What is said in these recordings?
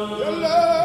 Yàlla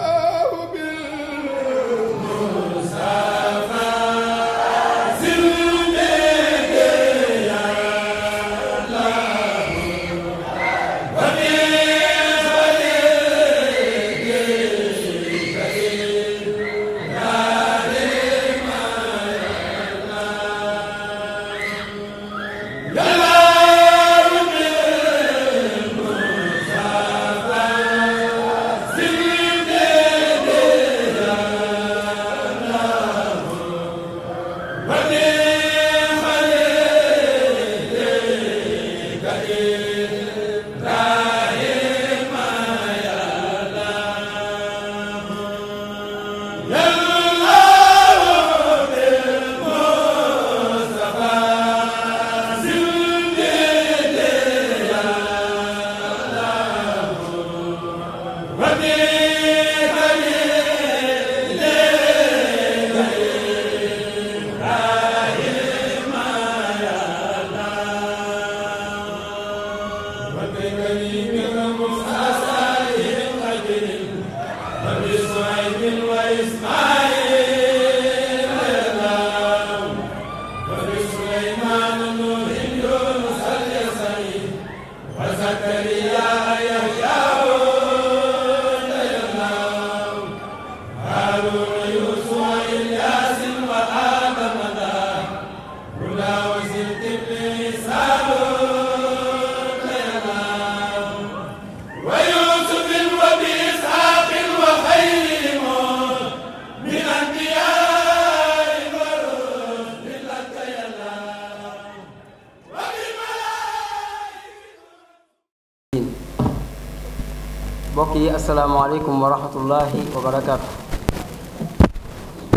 rahmatullahi wa barakaatu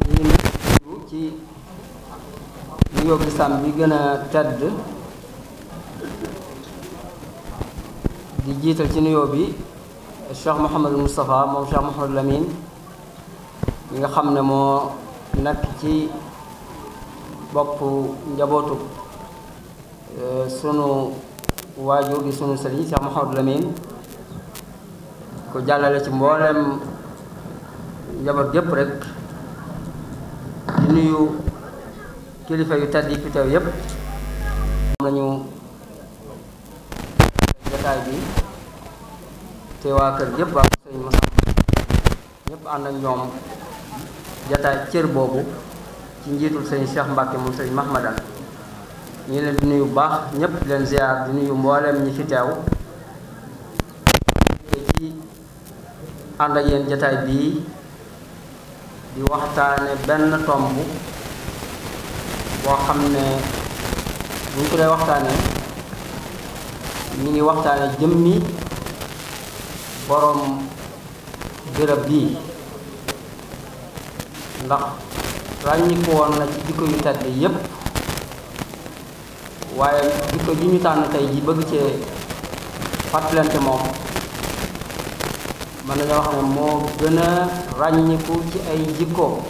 ñu ngi nuyu ci nuyoo lislaam bi gën a tedd di jiital ci nuyoo bi Cheikh Mouhamadou Moustapha moom Cheikh Mouhamadou Lamine nga xam ne moo nekk ci bopp njabootu euh, sunu waajur di sunu sëriñ Cheikh Mouhamadou Lamine ko jàllale ci mboolem njaboot gépp rek di kilifa yu tedd yi fi teew yépp am nañu jotaay bi te waa kër gépp waa sëñ Moussa ñépp ànd ak ñoom jotaay cër boobu ci njiitul sëñ Cheikh Mbacke moom sëñ Mahmadan ñu leen di nuyu baax ñépp leen ziar di mbooleem ñi fi ci ànd ak yéen jotaay bii di waxtaane benn tomb boo xam ne bu ñu ko dee waxtaane ñu ngi waxtaane jëmmi boroom bërëb bii ndax ràññiku woon na ci jikko yu tedd yépp waaye jikko ji ñu tànn tey ji bëgg cee fàttalante moom mën nañoo xam ne moo gën a ràññiku ci ay jikkoom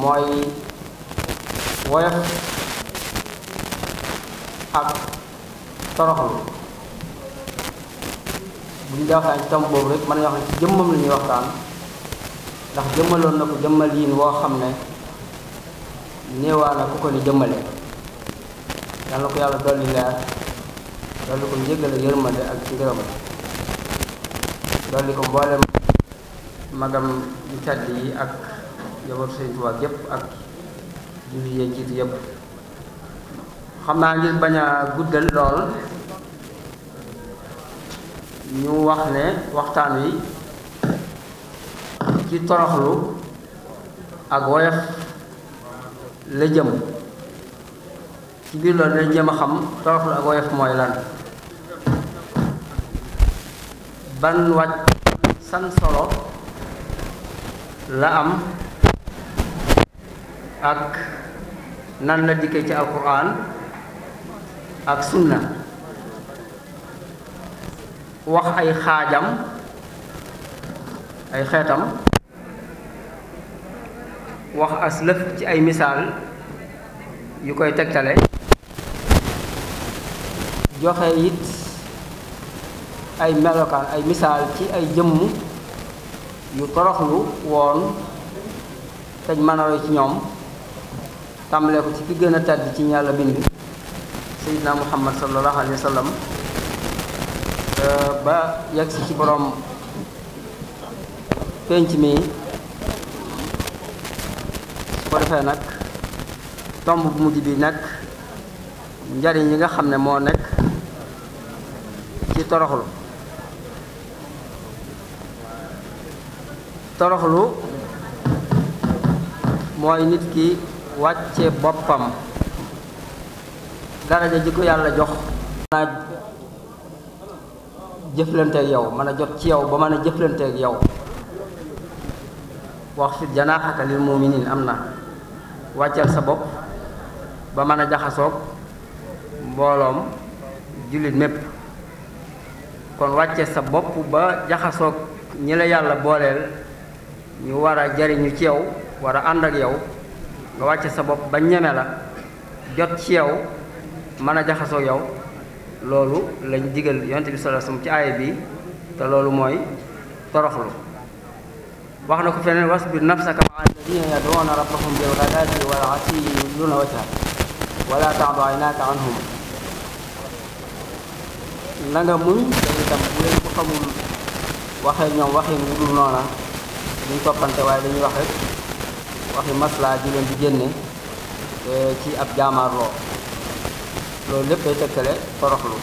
mooy woyof ak toroxlu bu ñu waxtaan ci tomb boobu rek mën nañu wax ne ci jëmmam la ñuy waxtaan ndax jëmmaloon na ko jëmmal yiin woo xam ne néewaa na ku ko ni jëmmale yàlla ko yàlla dolli leer dolli ko njëggal yërmande ak ci ngërëm dolli ko mboolem magam yu tedd yi ak njaboot Sëriñ Tuubaa yépp ak jullit yee yépp xam naa ngir bañ a guddal lool ñu wax ne waxtaan wi ci toroxlu ak woyof la jëm ci biir loolu dañ jëm a xam toroxlu ak woyof mooy lan ban wàcc san solo la am ak nan la dikkee ci alquran ak sunna wax ay xaajam ay xeetam wax aslëf ci ay misaal yu koy tegtale joxe it ay melokaan ay misaal ci ay jëmm yu toroxlu woon tañ mën ci ñoom tàmbalee ko ci ki gën a tàdd ci ñàlla bind sayidna muhammad sallallahu alayhi wa sallam euh, ba yegsi ci borom pénc mi su ko defee nag tomb bu mujj bi nag njariñ yi nga xam ne moo nekk ci toroxlu toroxlu mooy nit ki wàcce boppam daraja ji ko yàlla jox mën a jëflanteeg yow mën a jot ci yow ba mën a jëflanteeg yow wax fit janaaxaka lil muminin am na wàcceel sa bopp ba mën a jaxasoog mbooloom jullit mépp kon wàcce sa bopp ba jaxasoog ñi la yàlla booleel ñu war a jariñu ci yow war a ànd ak yow nga wàcce sa bopp ba ñeme la jot ci yow mën a jaxasoo yow loolu lañ digal yonent bi sallallahu alayhi wasallam ci aaya bi te loolu mooy toroxlu wax na ko feneen wasbir nafsaka ma'a alladhina yad'una rabbahum bil ghadati wal 'ashiyyi yuriduuna wajhahu wa na nga muñ te itam bu leen ko xamul waxee ñoom waxee wu noona duñ toppante waaye dañuy wax rek waxi maslaa ji leen di génne ci ab jaamaarloo loolu lépp ay tëkkale toroxlu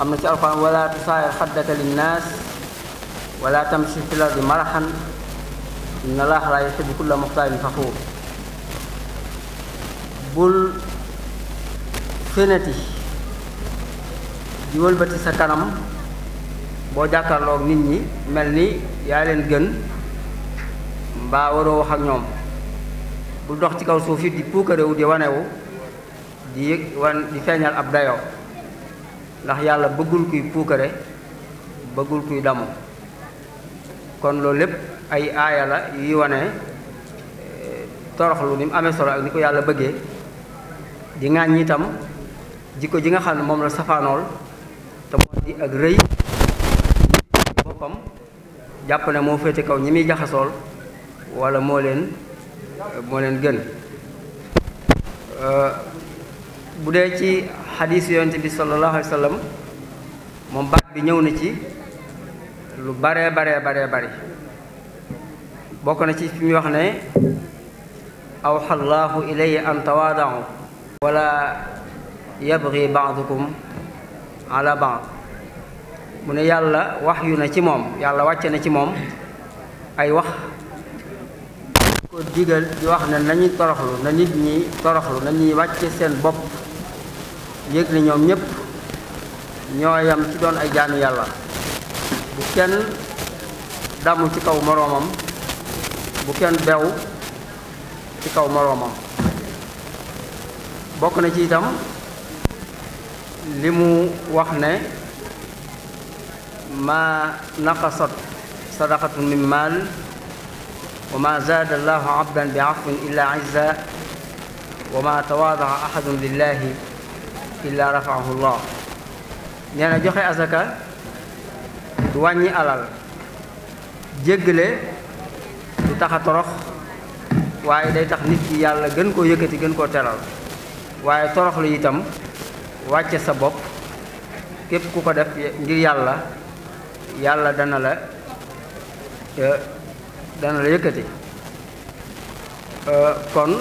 am na ci alxuraan wala tusaayir xaddaka linnaas wala tamshi fil ardi maraxan inna laaha laa yuhibbu kulla muxtaalin faxuur bul feneti di wëlbati sa kanam boo jàkkaarloog nit ñi mel ni yaa leen gën mbaa waroo wax ak ñoom bul dox ci kaw suuf it di puukarewu di wanewu di yëg wan di feeñal ab dayoo ndax yàlla bëggul kuy puukare bëggul kuy damu kon loolu lépp ay aaya la yuy wane eh, toroxlu ni mu amee solo ak ni ko yàlla bëggee di ŋàññi itam jikko ji nga xam ne moom la safaanool te moo di ak rëy boppam jàpp na moo féete kaw ñi muy jaxasool wala moo leen moo leen gën euh, bu dee ci xadiis yonent bi sallallahu alayhi moom baat bi ñëw na ci lu baree bare baree bari bokk na ci fi wax ne awxa llaahu an tawaadau wala yabgi baadukum ala baad mu ne yàlla wax yu na ci moom yàlla wàcce na ci moom ay wax ko digal di wax ne nañu toroxlu na nit ñi toroxlu nañuy wàcce seen bopp yëg ne ñoom ñépp ñoo ci doon ay jaanu yàlla bu kenn damu ci kaw moroomam bu kenn bew ci kaw moroomam bokk na ci itam li mu wax ne ma naqasat sadaqatun min maal wa ma zaada allahu abdan bi afwin illa izza wa ma tawaadaxa ahadun lillahi illa rafaahu llah nee na joxe azaka du wàññi alal jéggale du tax torox waaye day tax nit ki yàlla gën koo yëkkati gën koo teral waaye toroxlu itam wàcce sa bopp képp ku ko def ngir yàlla yàlla dana la dana la yëkkati euh, kon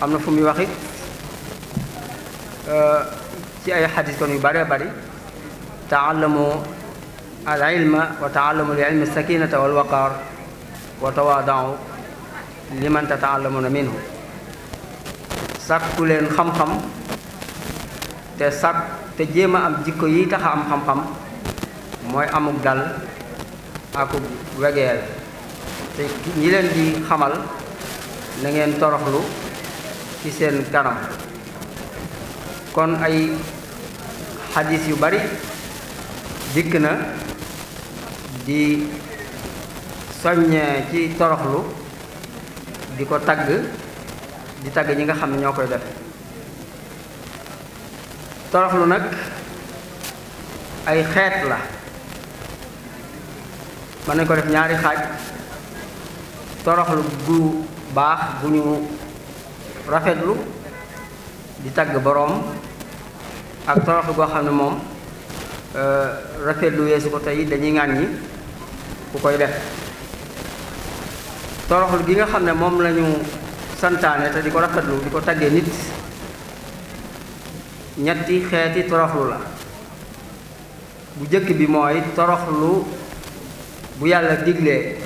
am na fu muy waxit euh, ci ay xadis kon yu bëree bari taalamu al ilma wa taalamu al ilmi sakinata wal waqaar wa tawaadau liman tataalamuna minhu sàkku xam-xam te sàkk te jéem a am jikko yi tax a am xam-xam mooy amuk dal akuk wegeel te ñi leen di xamal na ngeen toroxlu ci seen kanam kon ay xadis yu bari dikk na di soññee ci toroxlu di ko tagg di tagg ñi nga xam ne ñoo koy def toroxlu nag ay xeet la mën nañ ko def ñaari xaaj toroxlu gu baax bu ñu rafetlu di tagg boroom ak toroxlu goo xam ne moom euh, rafetlu weesu ko tey dañuy ŋaan yi ku koy def toroxlu gi nga xam ne moom lañu santaane te di ko rafetlu di ko taggee nit ñetti xeeti toroxlu la bu jëkk bi mooy toroxlu bu yàlla diglee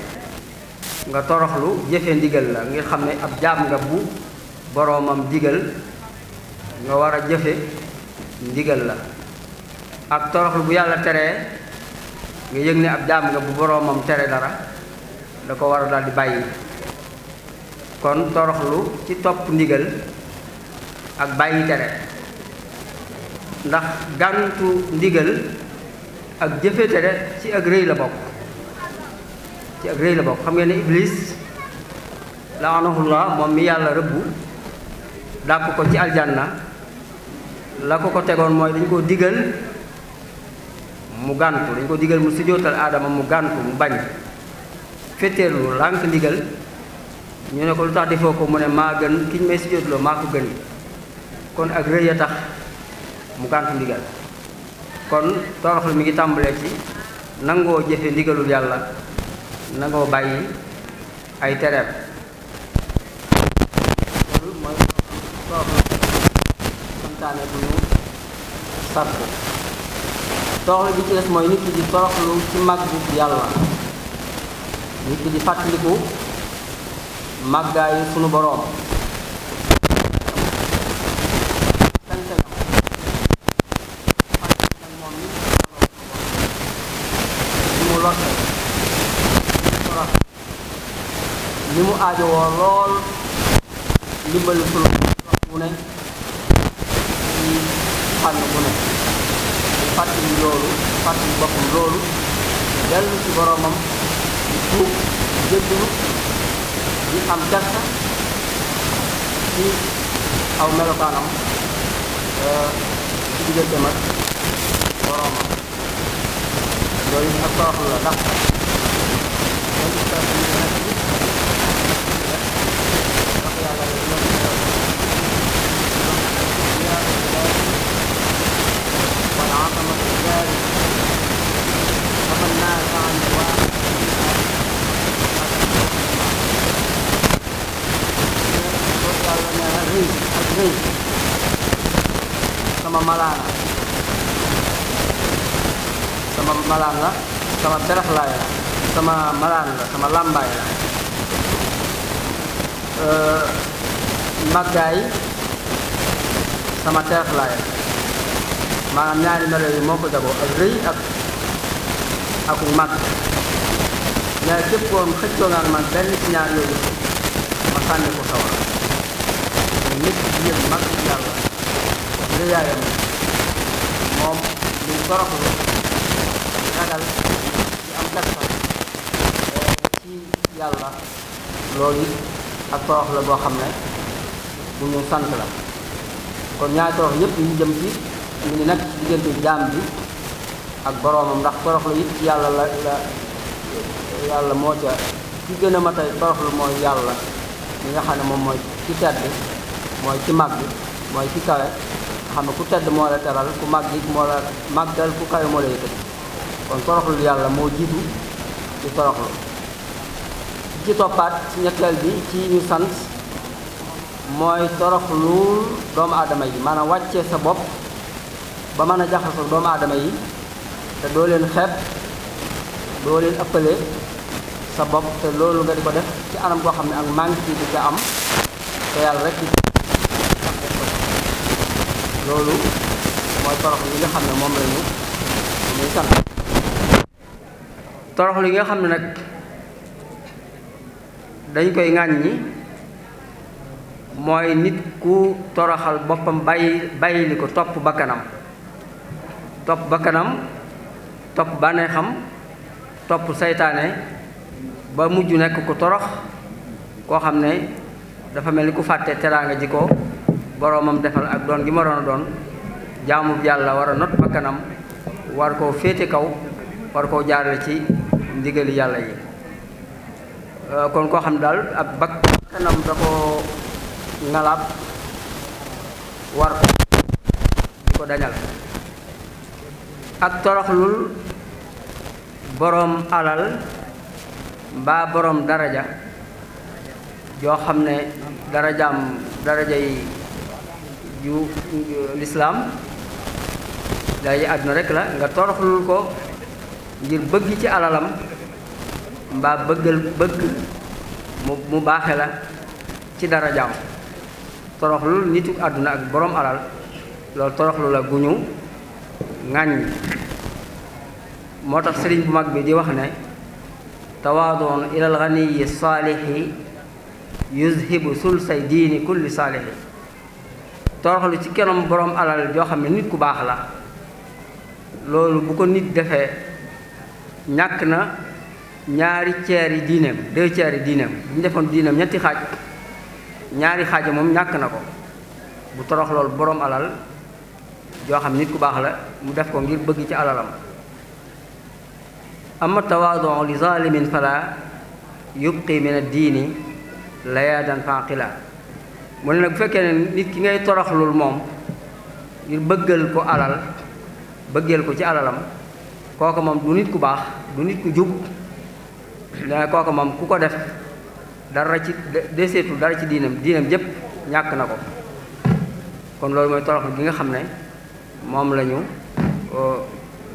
nga toroxlu jëfe ndigal la nga xam ne ab jaam nga bu boroomam digal nga war a jëfe ndigal la ak toroxlu bu yàlla teree nga yëg ne ab jaam nga bu boromam tere dara da ko war a daal bàyyi kon toroxlu ci topp ndigal ak bàyyi tere ndax gàntu ndigal ak jëfe tere ci ak rëy la bokk ci ak rëy la bokk xam ngeen ne iblis laanahullah moom mi yàlla rëbbu dàq ko ci na la ko ko tegoon mooy dañ ko digal mu gàntu dañ ko digal mu sujjóotal aadama mu gàntu mu bañ féeteerlu lànk ndigal ñu ne ko lu tax defoo ko mu ne maa gën ki ñu may sujjóotloo maa ko gën kon ak rëy a tax mu gàntu ndigal kon toroxlu mi ngi tàmbalee ci nangoo jëfe ndigalul yàlla nangoo bàyyi ay tereem toog santaane bu ñu sartu toroxlu bi ci des mooy nit ki di toroxlu ci màggu yàlla nit ki di fàttaliku màggaayu sunu boroom li mu aajowoo lool ndimbalu sunu wax ne ci fànn ne di fàttali loolu fàttali boppam loolu dellu ci boroomam di tuub di jéggalu di am gàtt ci aw melokaanam euh, ci diggante mag boroomam loolu ak toroxlu la والعظمة الجارية sama malaan sama malaan la sama berax laay sama malaan la sama làmbaay Euh, màggaay sama teexlaay maanaam ñaari melo yi moo ko jagoo ak rëy ak ak màgg ñaari képp koom xëccoo nga man benn ci ñaar yooyu ma sànni ko sawar nit ki yëg mag yàlla rëyaayam moom luy toroxlu ragal di am gàttal ci yàlla loolu ak toox la boo xam ne bu ñu sant la kon ñaari toox yépp ñu jëm ci ñu ni nag ci diggante jaam bi ak boroomam ndax toroxlu it ci yàlla la la yàlla moo ca ci gën a ma tey toroxlu mooy yàlla mi nga xam ne moom mooy ci tedd mooy ci màgg mooy ci kawe xam ne ku tedd moo la teral ku màgg it moo la màggal ku kawe moo la yëkkati kon toroxlu yàlla moo jiitu ci toroxlu ci toppaat ci ñetteel bi ci ñu sant mooy toroxlu doomu aadama yi maanaam wàccee sa bopp ba mën a jaxasoo doomu aadama yi te doo leen xeeb doo leen ëppale sa bopp te loolu nga di ko def ci anam koo xam ne ak manque di ca am te yàlla rek di loolu mooy toroxlu yi nga xam ne moom la ñu muy sant toroxlu yi nga xam ne nag dañ koy ŋàññi mooy nit ku toroxal boppam bàyyi bàyyi ko topp bakkanam topp bakkanam topp bànneexam topp seytaane ba mujj nekk ko torox koo xam ne dafa mel ni ku fàtte teraanga ji ko boroomam defal ak doon gi ma doon doon jaamub yàlla war a not bakkanam war koo féete kaw war koo jaarale ci ndigali yàlla yi Euh, kon koo xam ne daal ab bak kanam da ko ngalaab war ko di ko dañal ak toroxlul boroom alal mbaa boroom daraja yoo xam ne darajaam daraja yi ju lislaam day àdduna rekk la nga toroxlul ko ngir bëgg ci alalam mbaa bëggal bëgg mu baaxe la ci dara jaam toroxlu nitu àdduna ak borom alal loolu toroxlu la guñu ŋàññ moo tax sëriñ bu mag bi di wax ne tawaadoon ilal ganiyi saalihi yuzhibu sul say diini kulli saalihi toroxlu ci kenam borom alal joo xam ne nit ku baax la loolu bu ko nit defee ñàkk na ñaari ceer yi diineem deux ceer yi diineem bu defoon diinam ñetti xaaj ñaari xaaja moom ñàkk na ko bu toroxlool lool boroom alal joo xam nit ku baax la mu def ko ngir bëgg ci alalam ama tawaadon li zalimin fala yubqi min ad diini layaadan fanqila mu ne nag bu fekkee ne nit ki ngay toroxlul moom ngir bëggal ko alal bëggeel ko ci alalam kooku moom du nit ku baax du nit ku jub nee kooka moom ku ko def dara ci deseetul dara ci diinam diinam jëpp ñàkk na ko kon loolu mooy torox gi nga xam ne moom la ñu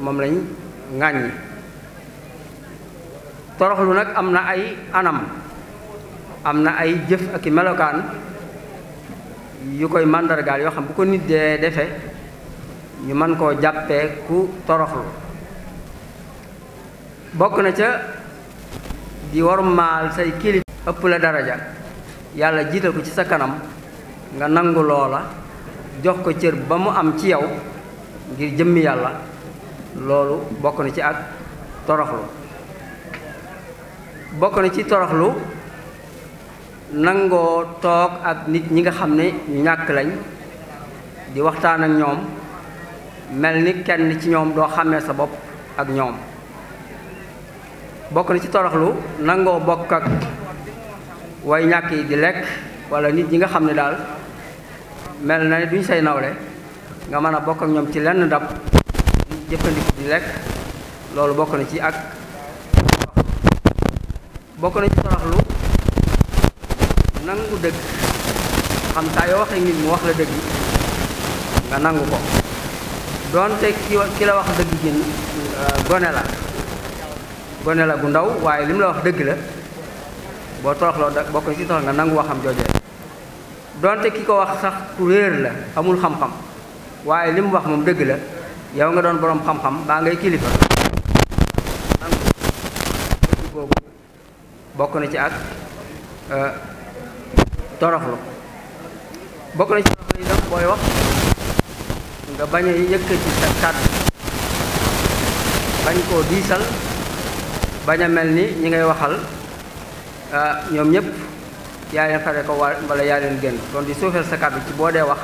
moom lañ ŋàññi toroxlu nag am na ay anam am na ay jëf ak i melokaan yu koy màndargaal yoo xam bu ko nit dee defe ñu mën koo jàppee ku toroxlu bokk na ca di war maal say kilit ëpp la daraja yàlla jiital ko ci sa kanam nga nangu loola jox ko cër ba mu am ci yow ngir jëmmi yàlla loolu bokk na ci ak toroxlu bokk na ci toroxlu nangoo toog ak nit ñi nga xam ne ñu ñàkk lañ di waxtaan ak ñoom mel ni kenn ci ñoom doo xàmmee sa bopp ak ñoom bokk na ci toroxlu nangoo bokk ak way ñàkk yi di lekk wala nit ñi nga xam ne daal mel na ne duñ say nawle nga mën a bokk ak ñoom ci lenn ndab jëfandiku di lekk loolu bokk na ci ak bokk na ci toroxlu nangu dëgg xam saa yoo waxee nit mu wax la dëgg nga nangu ko doonte ki ki la wax dëgg gin gone la gone la bu ndaw waaye lim la wax dëgg la boo toroxloo da bokk ci torox nga nangu waxam joojee ki ko wax sax ku réer la amul xam waaye li wax moom dëgg la yow nga doon boroom xam-xam baa ngay bokk na ci ak euh, toroxlu bokk na ci toroxlu itam booy wax nga bañ a yëkkati sa kàddu bañ koo diisal bañ a mel ni ñi ngay waxal ah, ñoom ñëpp yaa leen fare ko wala yaa leen génn kon di suufeel sa kàddu ci boo dee wax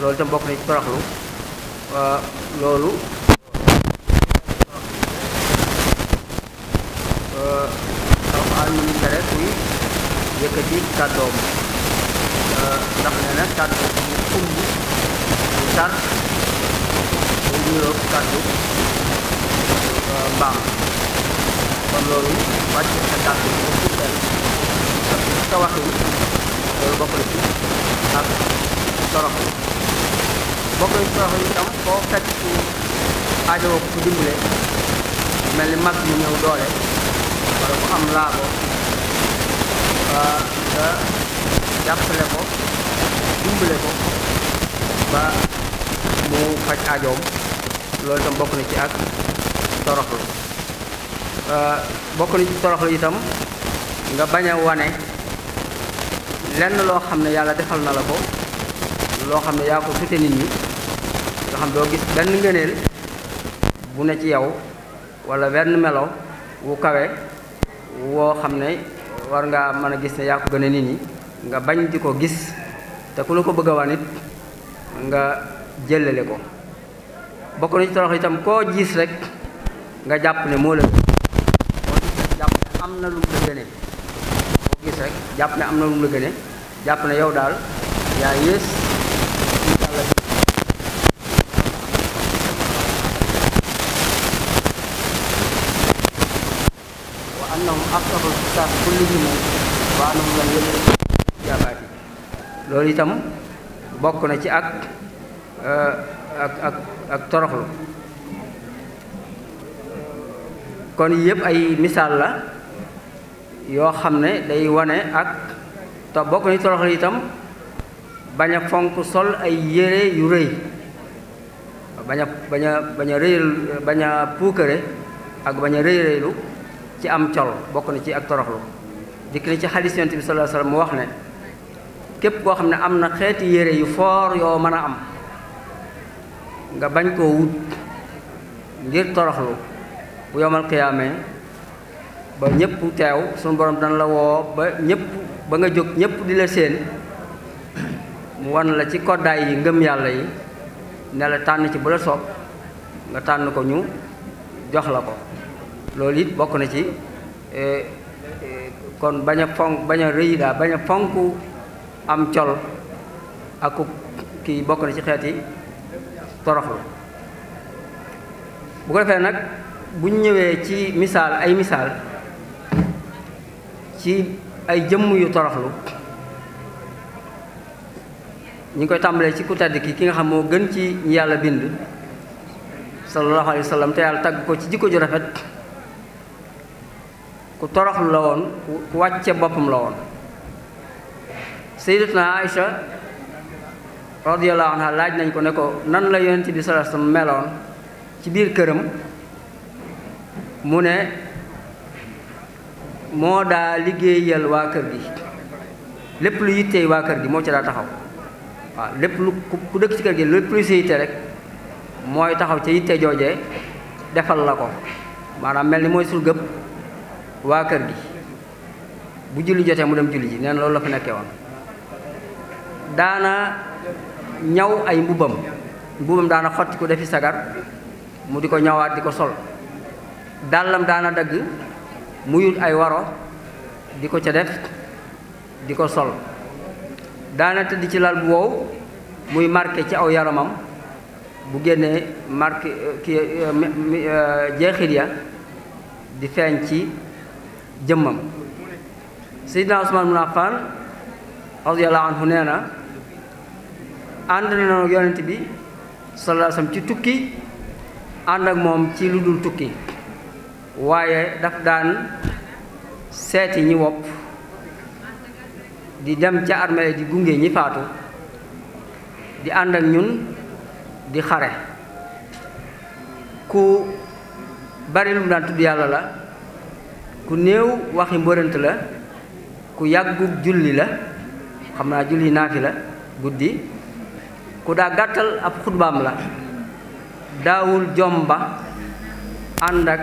loolu tam bokk na ci toroxlu ah, ah, kuy yëkkati kàddoom ndax nee na kàddu bu xumb bu tar bu niroog kàddu mbaam kon loolu wàcc sa kàddu gi ci benn loolu bokk na ci ak torox bokk na ci torox itam boo fekk ci aajowoo ko ku ni mag mu ñëw doole wala ku am laago ah, nga jàppale ko ba mu faj aajoom loolu itam bokk na ci ak toroxlu Euh, bokk na ci toroxlu itam nga bañ a wane lenn loo xam ne yàlla defal na la ko loo xam ne yaa ko sute nit ñi nga xam doo gis benn ngëneel bu ne ci yow walla wenn melow wu kawe woo xam ne war nga mën a gis ne yaa ko gën a nit ñi nga bañ di ko gis te ku la ko bëgg a wan nga jëlale ko bokk na ci torox itam koo gis rek nga jàpp ne moo la am na lu mu la gënee boo jàpp am na lu mu la gënee jàpp ne yow daal yaa yées wa annahum afsaxu fisaas kullihim wa annahum lam yalbisu loolu itam bokk na ci ak euh, ak ak ak toroxlu kon yëpp ay misaal la yoo xam ne day wane ak te bokk ni toroxal itam bañ a fonk sol ay yére yu rëy bañ a bañ a bañ a rëy ak bañ a rëy rëylu ci am col bokk na ci ak toroxlu dikk ni ci xadis yonent bi sol alayhi wasallam mu wax ne képp koo xam ne am na xeeti yére yu foor yoo mën a am nga bañ koo wut ngir toroxlu bu yomal xiyaamee ba ñëpp teew suñu borom dana la woo ba ñépp ba nga jóg ñépp di la séen mu wan la ci koddaay yi ngëm yàlla yi ne la tànn ci bu la soob nga tànn ko ñu jox la ko loolu it bokk na ci e, e, kon bañ a fonk bañ a rëy bañ a fonk am col ak kii bokk na ci xeeti toroxlu bu ko defee nag bu ñu ñëwee ci misaal ay misaal ci ay jëmm yu toroxlu ñu ngi koy tàmbalee ci ku tedd ki ki nga xam moo gën ci ñi yàlla bind sallallahu alayhi wa sallam te yàlla tagg ko ci jikko ju rafet ku toroxlu la woon ku wàcce boppam la woon sayyidatuna Aïcha radiyallahu anha laaj nañ ko ne ko nan la yonent bi sallallahu alayhi meloon ci biir këram mu ne moo daa liggéeyal waa kër gi lépp lu yittee waa kër gi moo ci daa taxaw waaw lépp lu ku dëkk ci kër gi lépp lu si yitte rek mooy taxaw ca yitte joojee defal la ko maanaam mel ni mooy sul waa kër gi bu julli jotee mu dem julli ji neen loolu la fi nekkee woon daana ñaw ay mbubbam mbubam daana xotti ko defi sagar mu di ko ñawaat di ko sol dàllam daana dagg muyul ay waro di ko ca def di ko sol daana tëdd ci lal bu wow muy marqué ci aw yaramam bu génnee marqué euh, ki euh, euh, jeexit ya di feeñ ci jëmmam Seydina Usmaan bin Affaan radiyallaahu anhu nee na ànd na yonent bi sallallaahu ci tukki ànd ak moom ci lu dul tukki waaye daf daan seeti ñi wopp di dem ca armeel di gunge ñi faatu di ànd ak ñun di xare ku bari lu mu daan tudd yàlla la ku néew waxi mbërant la ku yàggu julli la xam naa julli naafi la guddi ku daa gàttal ab xutbaam la daawul jomba ànd ak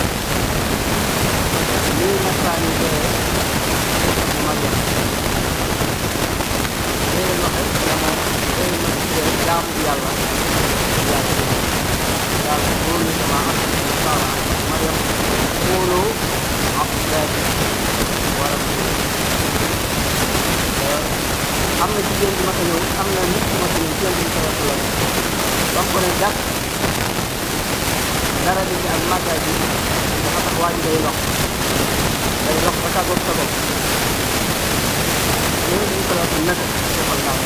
ko ñëw am na nit ko ne jàpp dara di ak màggaay dafa tax waa day lox day lox ko wax naka defal ndaw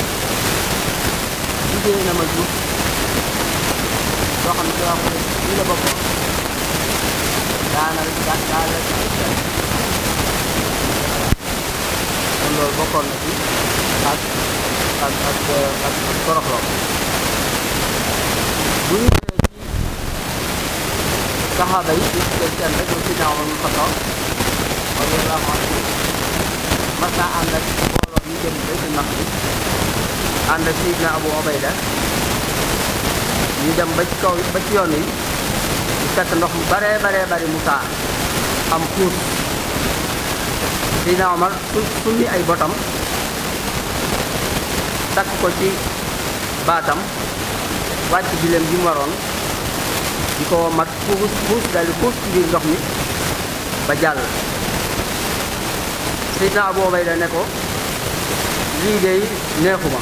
liggéey na ko lii la bokkoo daana rek daa daa loolu bokkoon na ci ak ak ak ak toroxlo Abu Ubayda ñu dem yoon yi ñu fekk ndox mu baree baree bari mu taa am xuus ay botam takk ko ci baatam wàcc gileem gi mu waroon di ko mat puus puus daal di puus ci biir ndox mi ba jàll Seydina Abu Ubayda ne ko lii de neexuma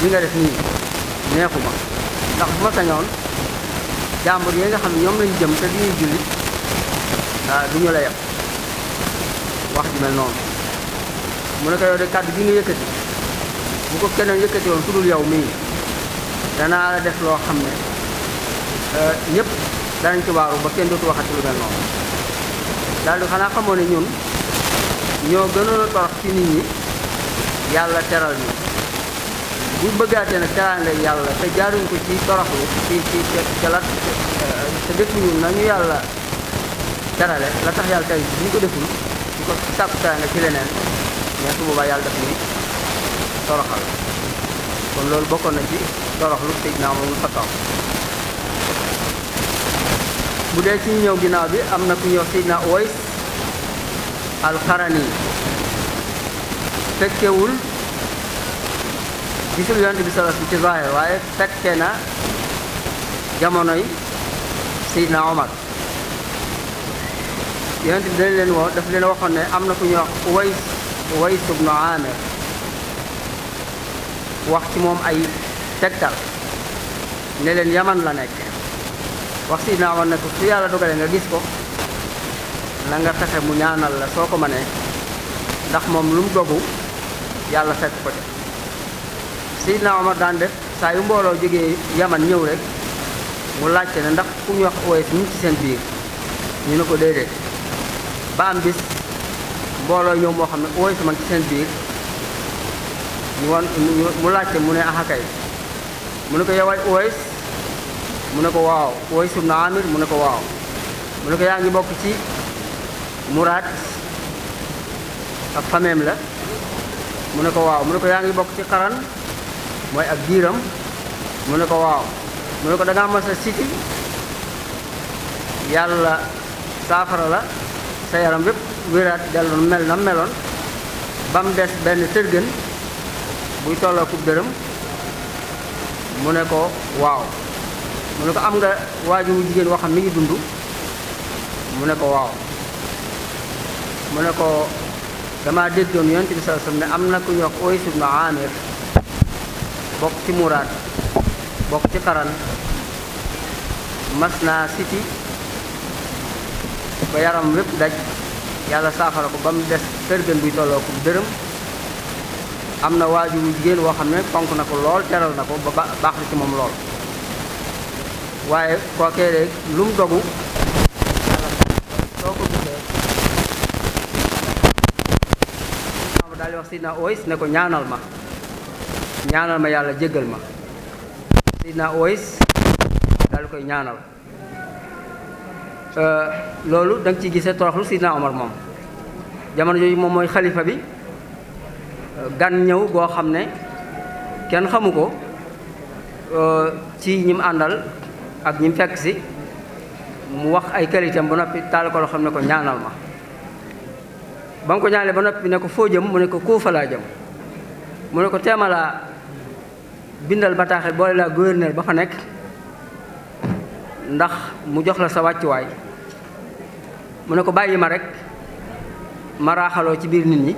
li nga def nii ma ndax bu ma sañoon jàmbur yi nga xam ne ñoom lañu jëm te duñuy julli ah, du la yem wax ji mel noonu mu ne ko yow de kàddu gi nga yëkkati bu ko keneen yëkkati woon ku dul yow mii danaa la def loo xam ne euh, ñëpp danañ ci waaru ba kenn dootu waxati lu mel noonu daal xanaa xamoo ne ñun ñoo gënoon torox ci nit ñi yàlla teral ñu bu bëggaatee nag teraanga yàlla te jaaruñ ko ci toroxlu ci ci ca la te defuñu nañu yàlla terale la tax yàlla tey bu ñu ko deful di ko sàkku teraanga ci leneen mais su boobaa yàlla def ni toroxal kon loolu bokkoon na ci toroxlu Seydina Omar bu dee ci ñëw ginnaaw bi am na ku ñëw Seydina Uways alxarani fekkewul gisul yonent bi salas bi ci zahir waaye fekke na jamonoy Seydina Omar yonent bi dañ leen woo daf leen waxoon ne am na ku ñuy wax Uways Uways ibnu wax ci moom ay tegtal ne yaman la nekk wax si naa woon ne ko su yàlla dogalee nga gis ko na nga fexe mu ñaanal la soo ko mënee ndax moom lu mu dogu yàlla fekk ko de Seydina Omar daan def saa yu mbooloo jógee yaman ñëw rek mu laajte ne ndax ku ñu wax Uways ñu ci seen biir ñu ne ko déedéet ba am bis mbooloo ñëw moo xam ne Uways man ci seen biir ñu mu laajte mu ne axa kay mu ne ko yow ay mu ne ko waaw Uways ibn Amir mu ne ko waaw mu ne ko yaa ngi bokk ci Muraad la mu ne ko waaw mu ne ko yaa bokk ci xaran mooy ak diiram mu ne ko waaw mu ne ko da ngaa mas a siti yàlla saafara la sa yaram yépp wéraat delloon mel na meloon ba des benn tërgën buy tolloo kub dërëm mu ne ko waaw mu ne ko am nga waajur wu jigéen waxam mi ngi dund mu ne ko waaw mu ne ko dama déggoon yonent bi sallallahu alayhi ne am na ku ñuy wax Uways ibn Amir bokk ci muraad bokk ci karan mas naa siti ba yaram lépp daj yàlla saafara ko ba mu des tërgën buy tolloo kub dërëm am na waajur wu jigéen woo xam ne ponk na ko lool teral na ko ba baax na ci moom lool waaye kookee lum lu mu dogu soo ko gisee daal di ko ñaanal ma ñaanal ma yàlla jéggal ma Sidna Oys dal di koy ñaanal euh, loolu danga ci ciy gisee toroxlu Sidna Omar moom jamono yooyu moom mooy xalifa bi gan ñëw goo xam ne kenn xamu ko euh, ci ñim àndal ak ñim fekk si mu wax ay qualitéem ba noppi taal ko loo xam ne ko ñaanal ma ba ko ñaanale ba noppi ne ko foo jëm mu ne ko Kuufa laa jëm mu ne ko teemalaa bindal bataaxel boole laa gouverneur ba fa nekk ndax mu jox la sa wàccuwaay mu ne ko bàyyi ma rek ma raaxaloo ci biir nit ñi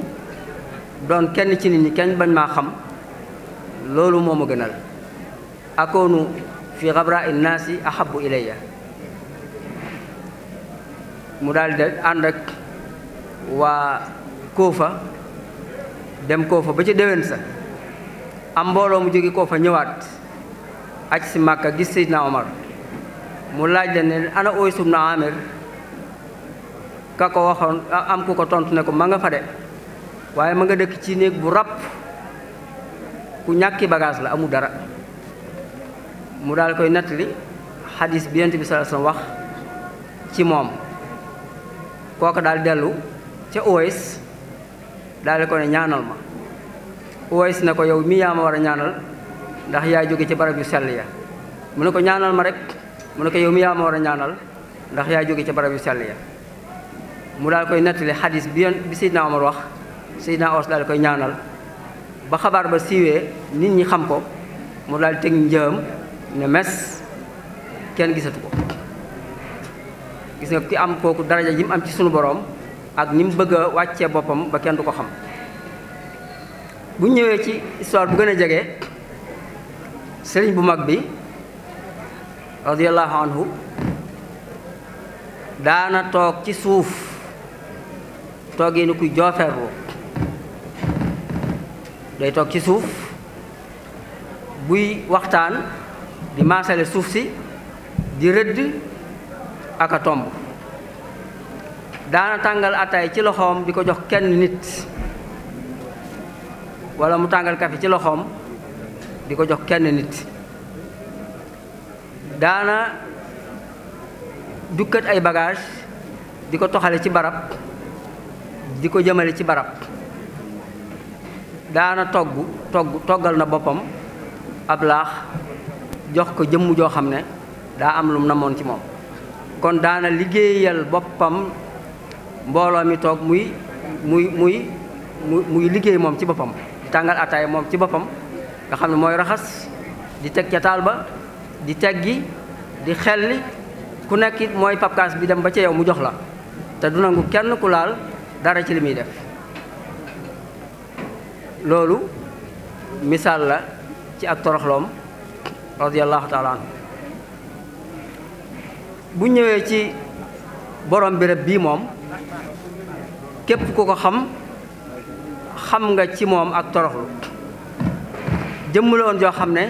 doon kenn ci nit ñi kenn bañ maa xam loolu moo ma gënal akoonu fi xabra innaasi ahabu ya mu daal di ànd ak waa Koofa dem Koofa ba ci déwén sa am mbooloo mu jóge Koofa ñëwaat ak si Màkka gis Seydina Omar mu laaj la ne ana ooy sum na amir ka ko waxoon am ku ko tontu ne ko ma nga fa de waaye ma nga dëkk ci néeg bu ràpp ku ñàkki bagaas la amul dara mu daal koy nettali xadis bi yonent bi sallallahu wax ci moom kooka daal dellu ca Uways daal ko ne ñaanal ma Uways na ko yow mii yaa ma war a ñaanal ndax yaa jóge ci barab yu sell ya mu ne ko ñaanal ma rek mu ne ko yow mii yaa ma war a ñaanal ndax yaa jóge ca barab yu sell ya mu daal koy nettali xadis bi yoon bi Seydina Omar wax Seydina Aws daal di koy ñaanal ba xabaar ba siiwee nit ñi xam ko mu daal di teg njëm ne mes kenn gisatu ko gis nga ki am kooku daraja ji mu am ci sunu boroom ak ni mu bëgg a wàccee boppam ba kenn du ko xam bu ñëwee ci histoire bu gën a jege sëriñ bu mag bi radiyallahu anhu daana toog ci suuf toogee ni kuy joofeerlu day toog ci suuf buy waxtaan di maasale suuf si di rëdd ak a tomb daana tàngal ataay ci loxoom di ko jox kenn nit wala mu tàngal kafe ci loxoom di ko jox kenn nit daana dukkat ay bagage di ko toxale ci barab di ko jëmale ci barab daana togg togg toggal na boppam ab laax jox ko jëmm joo xam ne daa am lum namoon ci moom kon daana liggéeyal boppam mbooloo mi toog muy muy muy muy liggéey moom ci boppam di tàngal ataay moom ci boppam nga xam ne mooy raxas di teg ca taal ba di teggi di xelli ku nekk mooy papkaas bi dem ba ca yow mu jox la te du nangu kenn ku laal dara ci li muy def loolu misaal la ci ak toroxloom radiyallahu taala anhu bu ñëwee ci borom béréb bii moom képp ku ko xam xam nga ci moom ak toroxlu jëmm la joo xam ne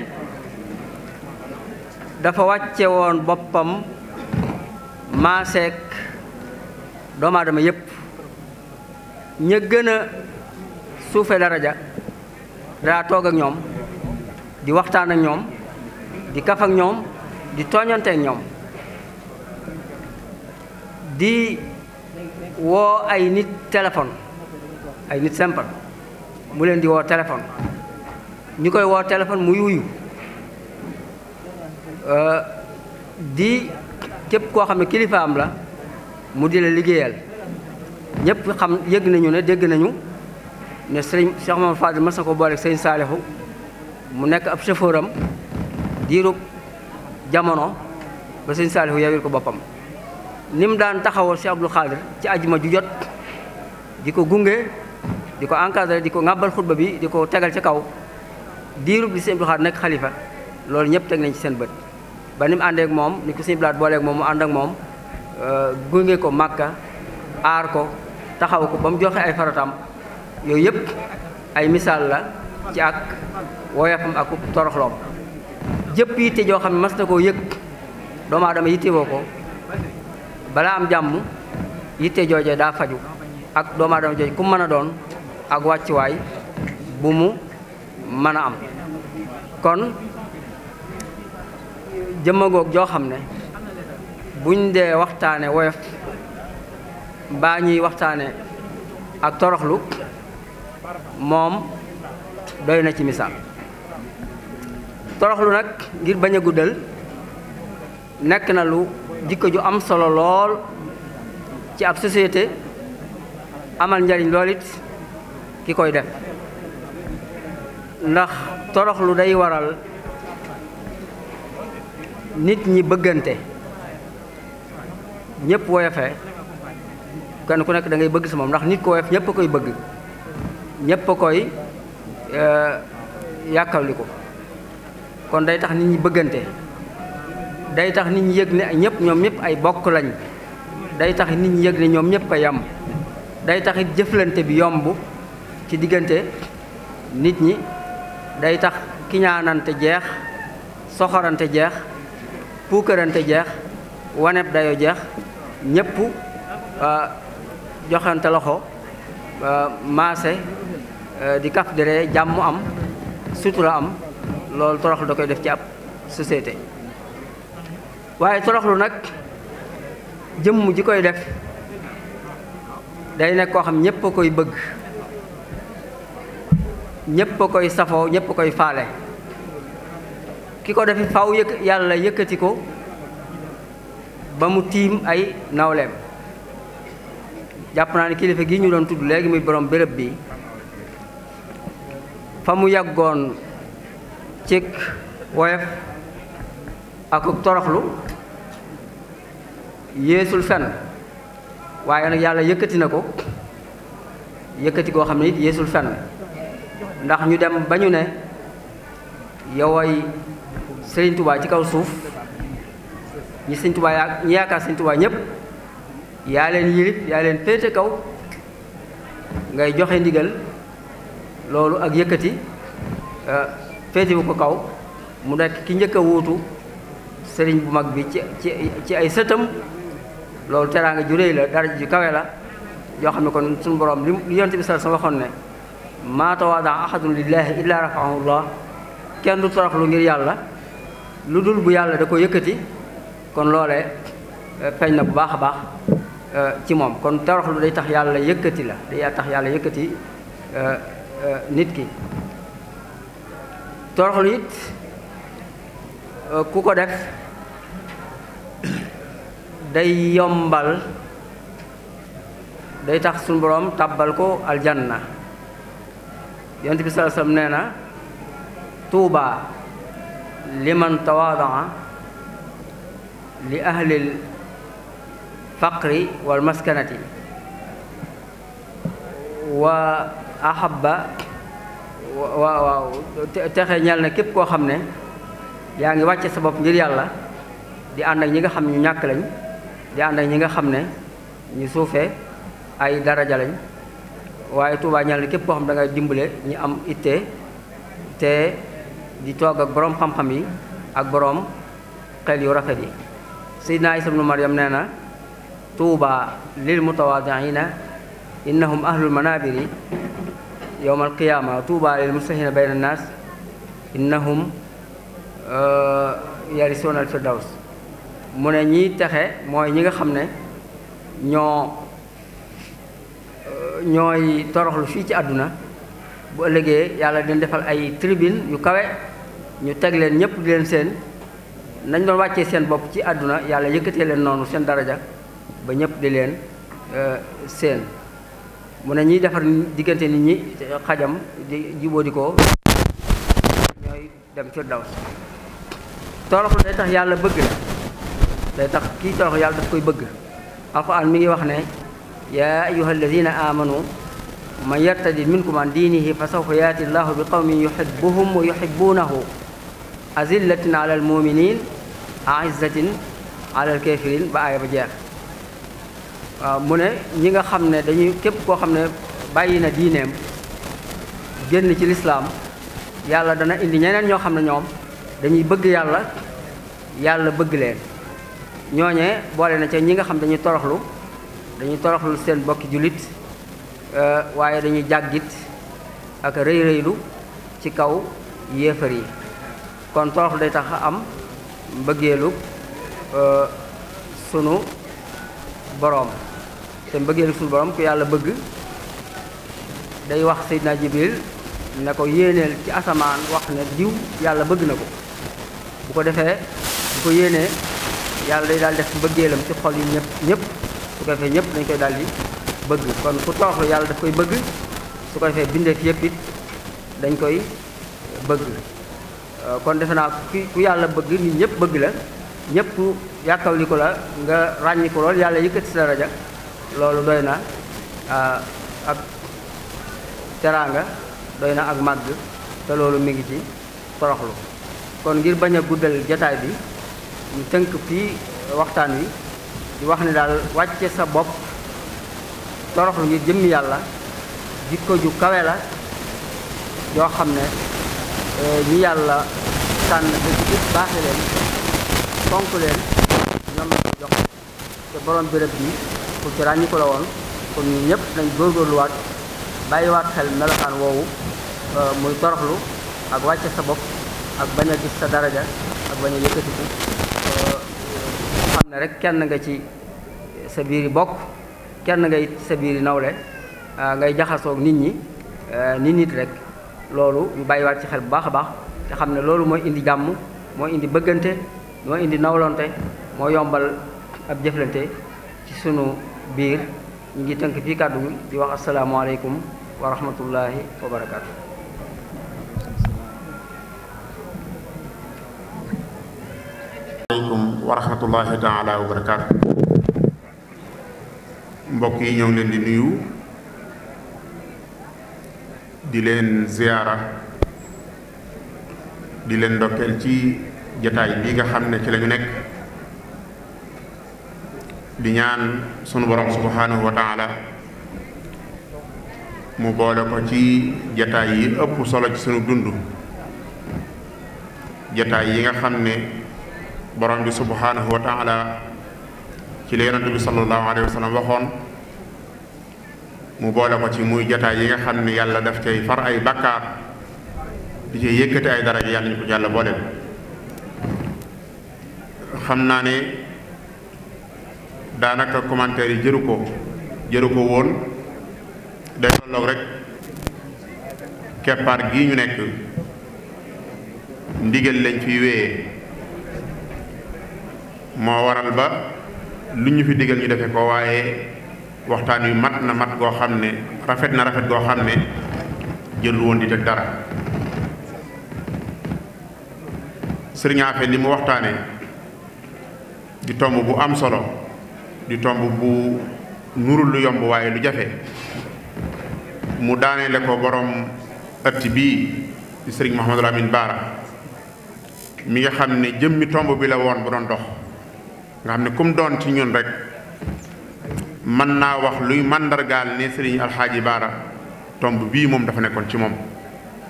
dafa wàcce woon boppam maaseek doomaadama aadama yépp ña suufee daraja daa toog ak ñoom di waxtaan ak ñoom di kaf ak ñoom di tooñante ak ñoom di woo ay nit téléphone ay nit simple mu leen di woo téléphone ñu koy woo téléphone muy wuyu euh, di képp koo xam ne kilifaam la mu di la liggéeyal ñépp xam yëg nañu ne dégg nañu ne sëriñ Cheikh Mamadou Fadel mas ko booleeg sëriñ Saalihu mu nekk ab chauffeur am diirub jamono ba sëriñ Saalihu yawil ko boppam ni mu daan taxawoo Cheikh Abdou Khadr ci ajuma ju jot di ko gunge di ko encadré di ko ŋàbbal xutba bi di ko tegal ci kaw diirub li sëriñ Abdou Khadr nekk xalifa loolu ñëpp teg nañ ci seen bët ba ni mu àndeek moom ni ko sëriñ Blaat booleeg moom mu ànd ak moom euh, gunge ko Màkka aar ko taxaw ko ba mu joxe ay faratam yooyu yëpp ay misaal la ci ak woyofam ak toroxloom jëpp yitte joo xam ne mas na koo yëg doomu aadama yittewoo ko bala am jàmm yitte jooje daa faju ak doomu aadama ku mën a doon ak wàccuwaay bu mu mën a am kon jëmmagoog joo xam ne buñ dee waxtaane woyof baa ñuy waxtaane ak toroxlu moom doy na ci misaal toroxlu nag ngir bañ a guddal nekk na lu jikko ju am solo lool ci ab société amal njariñ lool it ki koy def ndax toroxlu day waral nit ñi bëggante ñëpp woyofe kenn ku nekk da ngay bëgg sa moom ndax nit ko woyof ñëpp a koy bëgg ñépp a koy euh, yàkkawliku kon day tax nit ñi bëggante day tax nit ñi yëg ne ñëpp ñoom ñëpp ay bokk lañ day tax nit ñi yëg ne ñoom ñëpp a yam day taxit jëflante bi yomb ci diggante nit ñi day tax kiñaanante jeex soxorante jeex puukarante jeex waneb dayo jeex ñëpp euh, joxante loxo euh, maase Euh, di kaf di jàmm am sutura am loolu toroxlu da koy def ci ab société waaye toroxlu nag jëmm ji koy def day nekk koo xam ñépp a koy bëgg ñépp a koy safoo ñépp koy faale ki ko defi faw yëkk yàlla yëkkati ko ba mu tiim ay nawleem jàpp naa ne kilifa gi ñu doon tudd léegi muy borom béréb bi fa mu yàggoon cig woyof akuk toroxlu yéesul fenn waaye nag yàlla yëkkati na ko yëkkati koo xam ne it yéesul fenn ndax ñu dem ba ñu ne yoway Sëriñ Tubaa ci kaw suuf ñi Sëriñ Tubaa ñi yaakaar Sëriñ Tubaa ñépp yaa leen yilif yaa leen féete kaw ngay joxe ndigal loolu ak yëkkati euh, féetiwu ko kaw mu nekk ki njëkk a wuutu sëriñ bu mag bi ci ci ci ay sëtam loolu teraanga ju réy la dara ju kawe la yoo xam ne kon suñu borom li yonent bi sallallahu alayhi sa waxoon ne maato tawaadaa ahadun lillahi illa rafaahu llah kenn du toroxlu ngir yàlla lu dul bu yàlla da ko yëkkati kon loolee euh, feeñ na bu baax a baax euh, ci moom kon toroxlu day tax yàlla yëkkati la day tax yàlla yëkkati Euh, nit ki toroxlu it euh, ku ko def day yombal day tax suñ boroom tàbbal ko aljanna yonent bi sallallahu alayhi wasallam nee na tuubaa liman tawaadaa li ahlil faqri wal maskanati wa ahabba waaw waaw texe ñel na képp koo xam ne yaa ngi wàcce sa bopp ngir yàlla di ànd ak ñi nga xam ñu ñàkk lañ di ñi nga xam ne ñu suufee ay daraja waaye Tuubaa ñel na képp koo xam ne dangay dimbale ñi am ittee te di toog ak boroom xam-xam yi ak boroom xel yu rafet yi Seydina Isa ibnu Maryam nee na Tuubaa lil mutawaadiina innahum ahlul manaabiri yowma alqiyaama tuuba lil muslihina bayna annaas innahum yarisuuna al firdaws mu ne ñiy texe mooy ñi nga xam ne ñoo ñooy toroxlu fii ci àdduna bu ëllëgee yàlla dina defal ay tribune yu kawe ñu teg leen ñépp di leen seen nañ doon wàccee seen bopp ci àdduna yàlla yëkkatee leen noonu seen daraja ba ñépp di leen euh, seen mu ne ñiy defar diggante nit ñi xajam di jubóo di ko ñooy dem firdaws toroxlu day tax yàlla bëgg la day tax kii toroxlu yàlla daf koy bëgg alquran mi ngi wax ne yaa ayuha alladina amanu man yartadi minkum an diinihi fa sawfa yaati llahu bi qawmin yuhibuhum wa yuhibuunahu azillatin ala almuminin aizatin ala alkafirin ba aaya ba jeex waaw mu ne ñi nga xam ne dañuy képp koo xam ne bàyyi na diineem génn ci lislaam yàlla dana indi ñeneen ñoo xam ne ñoom dañuy bëgg yàlla yàlla bëgg leen ñooñee boole na ca ñi nga xam dañuy toroxlu dañuy toroxlu seen bokki jullit euh, waaye dañuy jàggit ak rëy rëylu ci kaw yéefar yi kon toroxlu day tax am mbëggeelu euh, sunu boroom te mbëggeelu suñu borom ku yàlla bëgg day wax Seydina Jibril ne ko yéeneel ci asamaan wax ne diw yàlla bëgg na ko bu ko defee bu ko yéenee yàlla day daal def mbëggeelam ci xol yi ñëpp ñëpp su ko defee ñëpp dañ koy daal di bëgg kon ku toroxlu yàlla daf koy bëgg su ko defee bindeef yépp it dañ koy bëgg euh, kon defe naa ku yàlla bëgg nit ñëpp bëgg la ñëpp yàkkawli ko la nga ràññi ko lool yàlla yëkkati sa daraja loolu doy na ak ah, teraanga doy na ak màgg te loolu mi ngi ci toroxlu kon ngir bañ a guddal jataay bi ñu tënk fii waxtaan wi di wax ne daal wàcce sa bopp toroxlu ngir jëmm yàlla jikko ju kawe la yoo xam ne eh, ñi yàlla tànn te jigit baaxe leen leen ñoom la jox te borom béréb bi ku ci ràññiku la woon kon ñun ñëpp nañ góorgóorluwaat bàyyiwaat xel melokaan woowu euh, muy toroxlu ak wàcce sa bopp ak bañ a gis sa daraja ak bañ a yëkkatiku euh, xam ne rek kenn nga ci sa biir bokk kenn nga it sa biir nawle euh, ngay jaxasoo nit ñi nit nit rek loolu ñu bàyyiwaat ci xel bu baax a baax te xam ne loolu mooy indi jàmm moo indi bëggante moo indi nawlonte moo yombal ab jëflante ci sunu biir ñu ngi tënk fii kàddu gi di wax asalaamaaleykum wa rahmatullahi wa barakaatu. aleykum mbokk yi ñoom leen di nuyu di leen ziyaara di leen ndokkeel ci jataay bi nga xam ne ci lañu nekk. di sunu borom subhanahu wa mu boole ko ci jataay yi ëpp solo ci sunu dund jataay yi nga xam ne borom bi subhanahu wa taala ci la yonent bi sallallahu alayhi waxoon mu boole ko ci muy jataay yi nga xam ne yàlla daf cay far ay bakkaar di cay yëkkati ay daraja yàlla ñu ko xam naa ne daanaka commentaire yi jëru ko jëru ko woon day tolloog rek keppaar gi ñu nekk ndigal lañ fi wéyee moo waral ba lu ñu fi digal ñu defe ko waaye waxtaan wi mat na mat goo xam ne rafet na rafet goo xam ne jël woon di teg dara sëriñ Afe li mu waxtaane di tomb bu am solo di tomb bu nurul lu yomb waaye lu jafe mu daaneele lekkoo boroom ëtt bii di sëriñ Mouhamadou Lamine Baara mi nga xam ne jëmmi tomb bi la woon bu doon dox nga xam ne kum doon ci ñun rek mën naa wax luy màndargaal ne sëriñ Alxaaji Baara tomb bii moom dafa nekkoon ci moom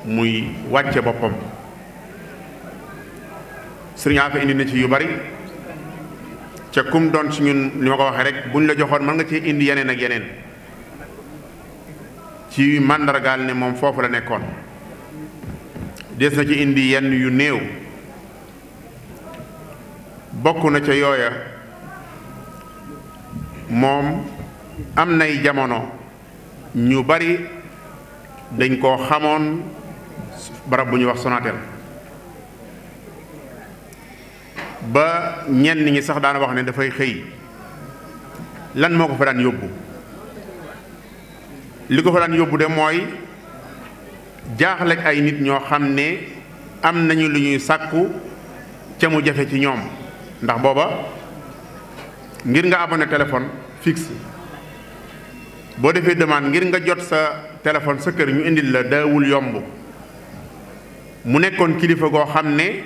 muy wàcce boppam sëriñ Afa indi na ci yu bari ca kum doon ci ñun li ma ko waxee rek bu ñu la joxoon mën nga cee indi yeneen ak yeneen ci màndargaal ne moom foofu la nekkoon des na ci indi yenn yu néew bokk na ca yooya moom am nay jamono ñu bari dañ koo xamoon barab bu ñuy wax Sonatel ba ñenn ñi sax daana wax ne dafay xëy lan moo ko fa daan yóbbu li ko fa daan yóbbu de mooy jaaxle ak ay nit ñoo xam ne am nañu lu ñuy sàkku ca mu jafe ci ñoom ndax booba ngir nga abonné téléphone fix boo defee demande ngir nga jot sa téléphone sa kër ñu indil la daawul yomb mu nekkoon kilifa goo xam ne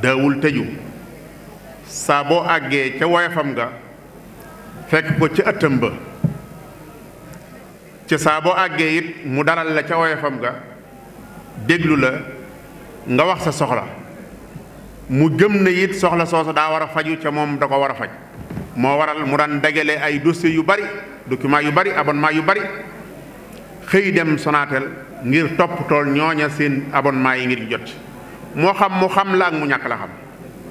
daawul tëju saa boo àggee ca woyofam nga fekk ko ci ëttam ba ca saa boo àggee it mu dalal la ca woyofam nga déglu la nga wax sa soxla mu gëm ne it soxla soosu daa war a faju ca moom da ko war a faj moo waral mu daan dagale ay dossiers yu bari document yu bari abonnement yu bari xëy dem Sonatel ngir topp tool ñooña seen abonnement yi ngir jot moo xam mu xam la ak mu ñàkk la xam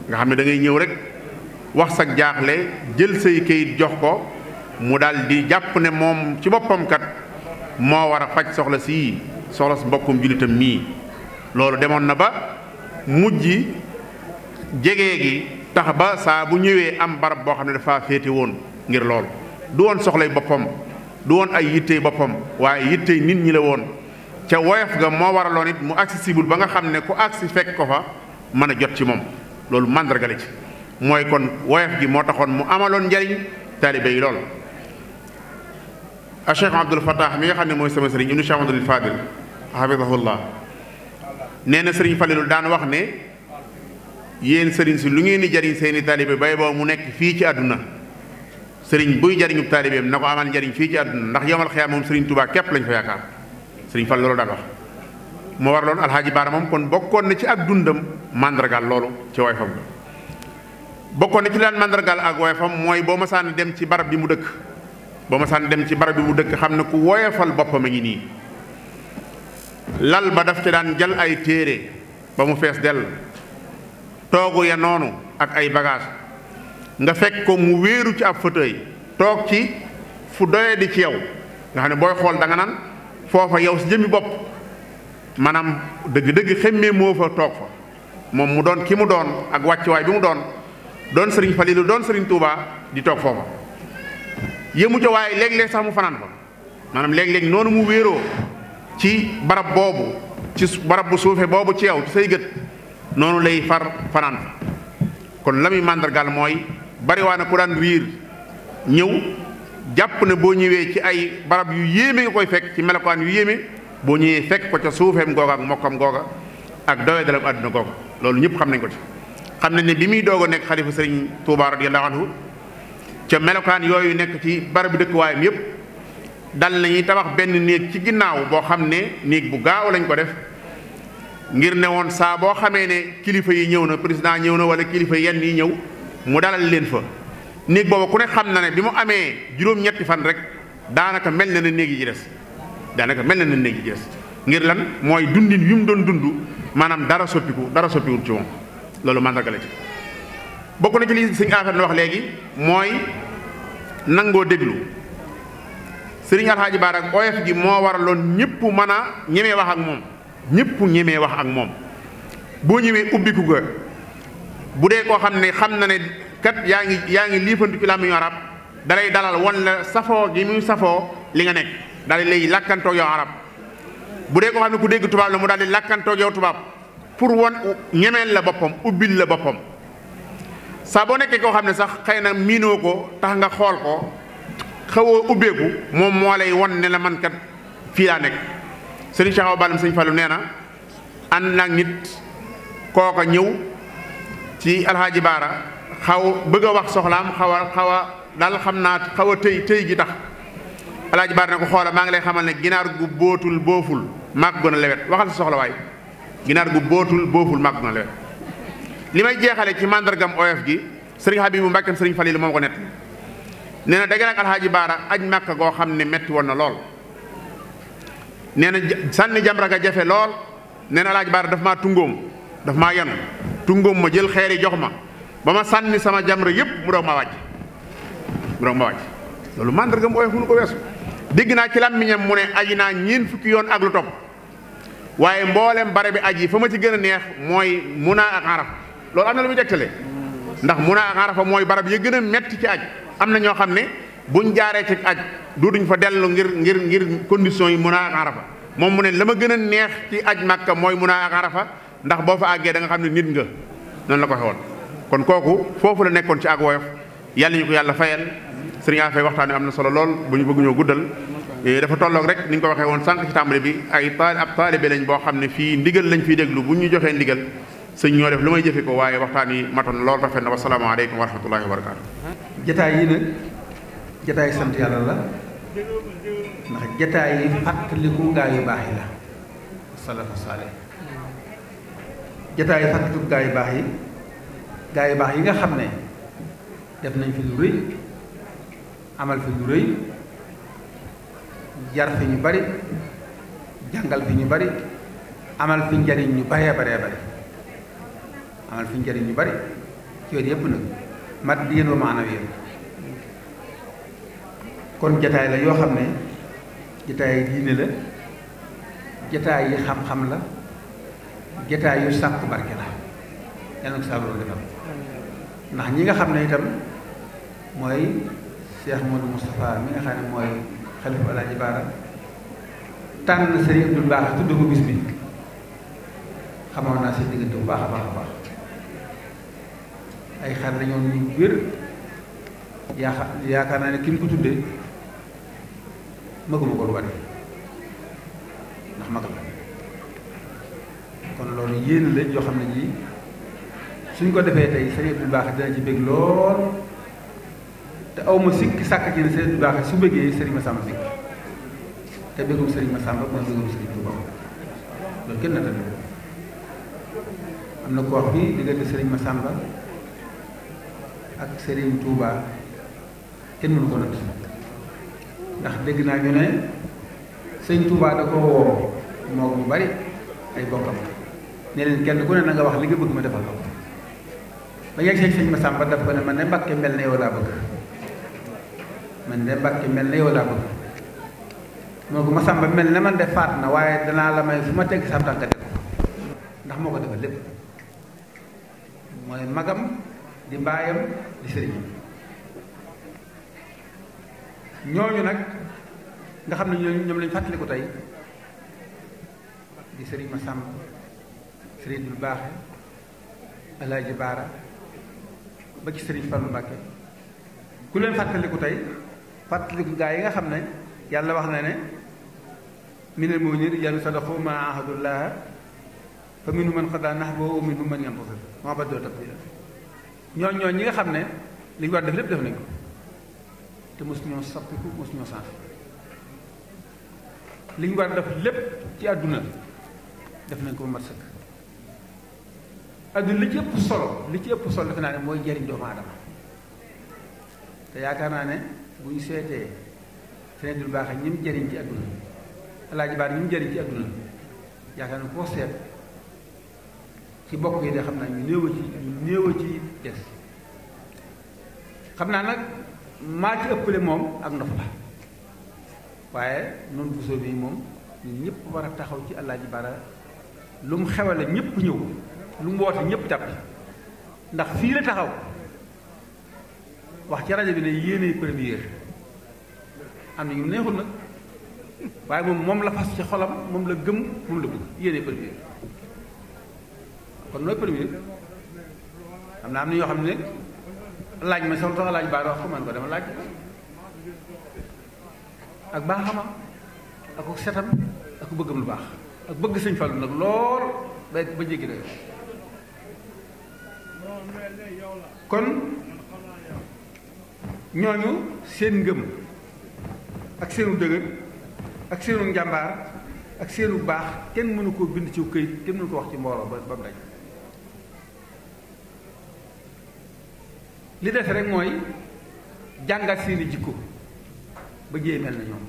nga xam ne dangay ñëw rek wax sa jaaxle jël say kayit jox ko mu daal di jàpp ne moom ci boppamkat moo war a faj soxla si soxla si mbokkum jullitam mii loolu demoon na ba mujj jege gi tax ba saa bu ñëwee am barab boo xam ne dafa féete woon ngir loolu du woon soxlay boppam du woon ay yittey boppam waaye yittey nit ñi la woon ca woyof nga moo war a it mu accessible ba nga xam ne ku agsi fekk ko fa mën a jot ci moom loolu màndarga la ci mooy kon woyof gi moo taxoon mu amaloon njariñ taalibe yi lool a cheikh abdul fatah mi nga xam ne mooy sama sëriñ ibnu cheikh abdul fadil hafidahullah nee na sëriñ falilu daan wax ne yéen sëriñ si lu ngeen di jariñ seeni taalibe bay boo mu nekk fii ci àdduna sëriñ buy jariñub taalibeem na ko amal njariñ fii ci àdduna ndax yomal xiyaam moom sëriñ tubaa képp lañ fa yaakaar sëriñ fal loolu daan wax moo war loon alxaaji baara moom kon bokkoon na ci ak dundam màndargaal loolu ci woyofam bokkoon na ci daan màndargaal ak woyofam mooy boo ma saan dem ci barab bi mu dëkk boo ma saan dem ci barab bi mu dëkk xam ne ku woyofal boppam a ngi nii lal ba daf ci daan jël ay téere ba mu fees dell toogu ya noonu ak ay bagage nga fekk ko mu wéeru ci ab fauteuil toog ci fu doye di ci yow nga xam ne booy xool da nga naan foofa yow si jëmmi bopp maanaam dëgg-dëgg xemmee moo fa toog fa moom mu doon ki mu doon ak wàccuwaay bi mu doon doon Serigne Falilu doon Serigne Touba di toog foofa yëmu ca waaye léeg-léeg sax mu fanaan fa maanaam léeg-léeg noonu mu wéeroo ci barab boobu ci barab bu suufee boobu ci yow ci say gët noonu lay far fanaan fa kon la muy màndargaal mooy bariwaa na ku daan riir ñëw jàpp ne boo ñëwee ci ay barab yu yéeme nga koy fekk ci melokaan yu yéeme boo ñëwee fekk ko ca suufeem googa ak mokkam googa ak doye dalam àdduna googa loolu ñëpp xam nañ ko ci xam nañ ne bi muy doog a nekk xalifa sëriñ Touba radiyallahu anhu ca melokaan yooyu nekk ci barab bi dëkkuwaayam yépp dal nañuy tabax benn néeg ci ginnaaw boo xam ne néeg bu gaaw lañ ko def ngir ne woon saa boo xamee ne kilifa yi ñëw na président ñëw na wala kilifa yenn yi ñëw mu dalal leen fa néeg booba ku ne xam na ne bi mu amee juróom-ñetti fan rek daanaka mel na ne néeg yi ci des daanaka mel na ne néeg yi ci des ngir lan mooy dundin yu mu doon dund maanaam dara soppiku dara soppiwul loolu màndarga la bokk na ci li sëñ Afane wax léegi mooy nangoo déglu sëriñ Alxaaji Baara ak oyof gi moo waraloon ñëpp mën a ñemee wax ak moom ñëpp ñemee wax ak moom boo ñëwee ubbiku ga bu dee koo xam ne xam na ne kat yaa ngi yaa ngi liifantu ci làmmiñu arab dalay dalal won la safoo gi muy safoo li nga nekk dalay lay làkkantoog yow arab bu dee koo xam ne ku dégg tubaab la mu daal di làkkantoog yow tubaab pour wan ñemeel la boppam ubbil la boppam saa boo nekkee koo xam ne sax xëy na miinoo ko tax nga xool ko xawoo ubbeeku moom moo lay wan ne la man kat fii laa nekk sëriñ Cheikh xaw Balla sëriñ Fallou nee na ànd nag nit kooka ñëw ci alxaaji baara xaw bëgg a wax soxlaam xaw a xaw a daal xam naa xaw a tëy tëy gi tax alxaaji baara ne ko xoola maa ngi lay xamal ne ginaar gu bootul booful maa ko gën lewet waxal sa soxla ginaar gu bootul booful màgg na leen li may jeexale ci màndargam of gi sëriñ Habibu Mbàkke sëriñ Faliilu moom ko nett nee na dagg ak alxaaji baara aj màkk goo xam ne metti woon na lool nee na sànni jamra ga jafe lool nee na alxaaji baara daf maa tungóom daf maa yanu tungóom ma jël xeeri jox ma ba ma sànni sama jamra yépp mu doog ma wàcc mu doog ma wàcc loolu màndargam of mënu ko weesu dégg naa ci làmmiñam mu ne aji naa ñeen fukki yoon ak lu topp waaye mboolem bare bi aj yi fa ma ci gën a neex mooy muna ak arafa loolu am na lu muy tegtale ndax muna ak arafa mooy barab yi gën a metti ci aj am na ñoo xam ne buñ jaaree ci aj duuduñ fa dellu ngir ngir ngir conditions yi muna ak arafa moom mu ne la ma gën a neex ci aj màkka mooy muna ak arafa ndax boo fa àggee da nga xam ne nit nga noonu la ko xewoon kon kooku foofu la nekkoon ci ak woyof yàlla ñu ko yàlla fayal sëriñ Afee waxtaan wi am na solo lool bu ñu bëgg ñoo guddal Eh, dafa tolloog rek ni ñu ko waxee woon sànq ci tàmbali bi ay taal ab taalibe lañ boo xam ne fii ndigal lañ fiy déglu bu ñu joxee ndigal sëñ ñoo def lu may jëfe ko waaye waxtaan yi matoon loolu rafet na wasalaamaaleykum wa rahmatullahi wa barakaatu. jataay yi nag jataay sant yàlla la ndax gaa yu baax yi la salafa saale jataay yi fàttaliku gaa yu baax yi baax yi nga xam ne def nañ fi lu rëy amal fi lu rëy. jar fi ñu bari jàngal fi ñu bari amal fi njariñ ñu baree baree bari amal njariñ ñu bari ci wet yépp nag mat bi yéen wa maanaam yéen kon jataay la yoo xam ne jataay diine la jataay yi xam-xam la jataay yu sàkku barke la yàlla na nga xam ne itam mooy Cheikh Modou Moustapha mi nga xam ne mooy xalifa Alaaji Baara tànn Sëriñ Abdul Baax tudd ko bis bi xamoon naa si diggante bu baax a baax a baax ay xar la ñoom ñu wér yaakaar yaakaar naa ne ki mu ko tuddee maguma ko lu bari ndax mag kon loolu yéen la joo xam ne ji suñ ko defee tey Sëriñ Abdul Baax dina ci bég lool te aw ma sikk sàkk ci ne Serigne Baaxe su bëggee ma Massamba sikk te bëggum Serigne Massamba mooy bëggum Serigne Touba loolu kenn na tamit am na ko wax bi diggante ak sëriñ tuubaa kenn mënu ko natt ndax dégg naa ñu ne Serigne Touba da ko woo moo ñu bari ay bokkam ne kenn ku ne na nga wax li nga bëgg ma defal ko ba yegg see Serigne Massamba daf ko ne man ne Mbàkke mel ne yow laa bëgg man de mbakki mel na yow laa bëgg moo ko ma sàmba mel na man de faat na waaye danaa la may su ma tegg sam tànk ndax moo ko defal lépp mooy magam di mbaayam di sëriñam ñooñu nag nga xam ne ñooñu ñoom lañ fàttaliku tey di sëriñ ma sàmb sëriñ dul baax alaaji baara ba ci sëriñ Fallu Mbàkke ku leen fàttaliku tey fàttaliku gaa yi nga xam ne yàlla wax na ne minal mu'miniina rijaalun sadaqu maa aahadu llaaha fa minhum man qadaa nahbahu wa minhum man yantasir wa maa baddaluu tabdiilaa ñooñ ñooñ ñi nga xam ne li ñu war def lépp def nañ ko te mos ñoo soppiku mos ñoo sens def lépp ci àdduna def nañ ko ba mat sëkk àdduna li ci ëpp solo li ci ëpp solo defe naa ne mooy jëriñ doomu aadama te yaakaar naa ne bu ñu seetee feeñul baax ñi mu jëriñ ci adduna alaaji baar ñi mu jëriñ ci adduna yaakaar na koo seet ci bokk yi de xam naa ñu néew a ci ñu néew ci des xam naa nag maa ci ëppale moom ak ndox la waaye noonu busoo bi moom ñu ñëpp war a taxaw ci alaaji baara lu mu xewale ñëpp ñëw lu mu woote ñëpp jàpp ndax fii la taxaw wax ci rajo bi ne yéenay première am na ñu neexul nag waaye moom moom la fas ci xolam moom la gëm moom la bëgg yéenay première kon nooy première am na am na yoo xam ne laaj ma sax sax laaj baax wax man ko dama laaj ak baaxama ak ko setam ak ko bëggam lu baax ak bëgg sëñ Fallu nag lool ba ba jéggi dayoo kon ñooñu seen ngëm ak seenu dëgër ak seenu njàmbaar ak seenu baax kenn mënu koo bind ci këyit kenn mënu ko wax ci mbooloo ba ba mu daj li des rek mooy jàngal seeni jikko ba jéey mel na ñoom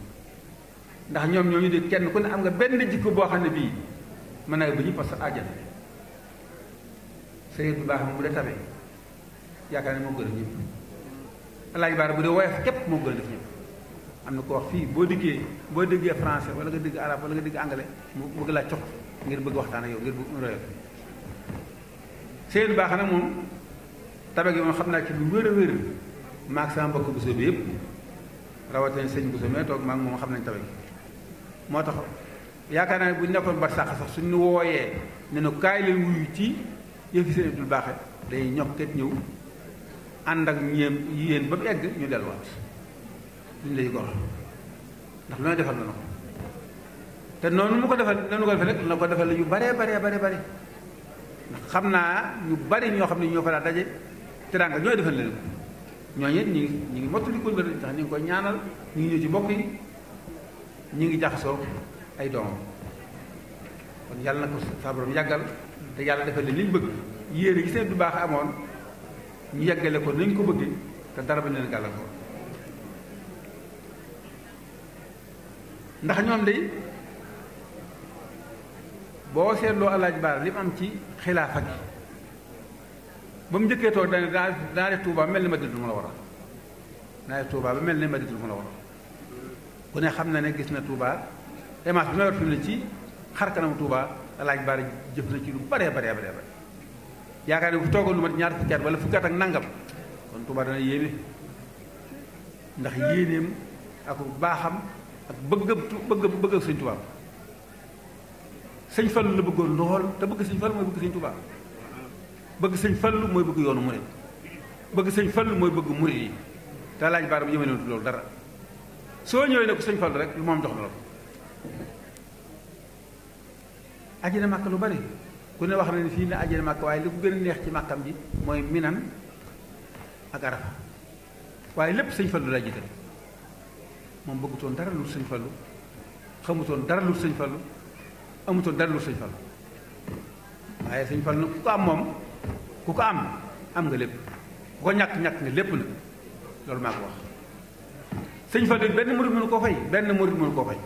ndax ñoom ñooñu de kenn ku ne am nga benn jikko boo xam ne bii mën naa bu ñu parce que àjjana sëriñ bu baax mu de tamit yaakaar ne moo gën a ñëpp laaj baar bu dee woyof képp moo gën a def ñëpp am na ko wax fii boo diggee boo déggee français wala nga dégg arabe wala nga dégg anglais mu bëgg laa cox ngir bëgg waxtaan ak yow ngir bëgg royo seen baax na moom tabe gi xam naa ci bu wér a wér maag bi yëpp rawatina sëñ Bousso mee toog maag moom xam nañ tabe moo tax yaakaar naa ne bu ñu nekkoon ba sàq sax suñu wooyee ne nu kaay leen wuyu ci yëfi seen Abdul Baaxe day ñokket ñëw ànd ak ñeem yéen ba mu egg ñu delluwaat ñu lay gor ndax lu ne defal na ko te noonu mu ko defal noonu ko defal na ko defal la ñu baree baree bare bëri ndax xam naa ñu bari ñoo xam ne ñoo fa daa daje teraanga ñooy defal leen ko ñooñu it ñu ngi ñu ko bëri ndax ñu ngi koy ñaanal ñu ngi ñëw ci mbokk yi ñu ngi jaxasoo ay doomam kon yàlla na ko sa borom yàggal te yàlla defal leen li bëgg yéene gi seen du baax amoon ñu yeggale ko nañ ko bëggee te dara ni leen ko ndax ñoom day boo seetloo alaaj baar li mu am ci xilaafa gi ba mu njëkkee toog dane daa daa def mel ni madinatul munawwara daa def tuubaa ba mel ni madinatul munawwara ku ne xam na ne gis na tuubaa émence bi ma yor fi mu ne ci xar kanamu tuubaa alaaj baar jëf na ci lu baree baree baree bare yaakaar ne bu toogal lu mat ñaar fukki at wala fukki at ak nangam kon Touba dana yéeme ndax yéeneem ak baaxam ak bëggam bëggam bëggam sëñ Touba sëñ Fallu la bëggoon lool te bëgg sëñ Fallu mooy bëgg sëñ Touba bëgg sëñ Fallu bëgg yoonu murit bëgg sëñ Fallu mooy bëgg murit yi te laaj baaram yéeme na loolu dara soo ñëwee ne ko sëñ Fallu rek lu moom jox na la aji na màkk lu bari ku ne wax na ne fii ne àjjana màkk waaye li ko gën a neex ci màkkam ji mooy minan ak arafa waaye lépp sëñ fallu la jiital moom bëggutoon dara lu sëñ fallu xamutoon dara lu sëñ fallu amutoon dara lu sëñ fallu waaye sëñ fallu nag ku ko am moom ku ko am am nga lépp ku ko ñàkk-ñàkk nga lépp nag loolu maa ko wax sëñ fallu benn murit mënu ko fay benn murit mënu koo fay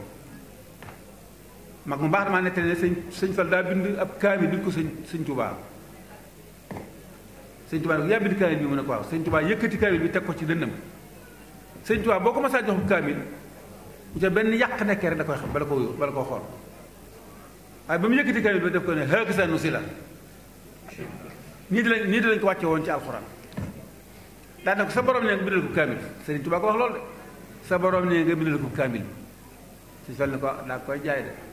mag mu baax damaa nettali ne sëñ sëñ Fall daa bind ab kaamil bind ko bi mu ne ko waaw sëñ Touba yëkkati kaamil bi teg ko ci dënnam sëñ Touba boo ko masaa jox bu kaamil mu ca benn yàq nekkee rek da koy xam bala ko bala koo xool waaye ba mu yëkkati kaamil ba def ko ne hëkk sa nu si la nii di lañ nii di lañ ko wàcce woon ci alxuraan daane sa borom ne nga bindal ko kaamil sëñ sa borom ne nga bindal ko kaamil sëñ Fall ne ko daa koy jaay de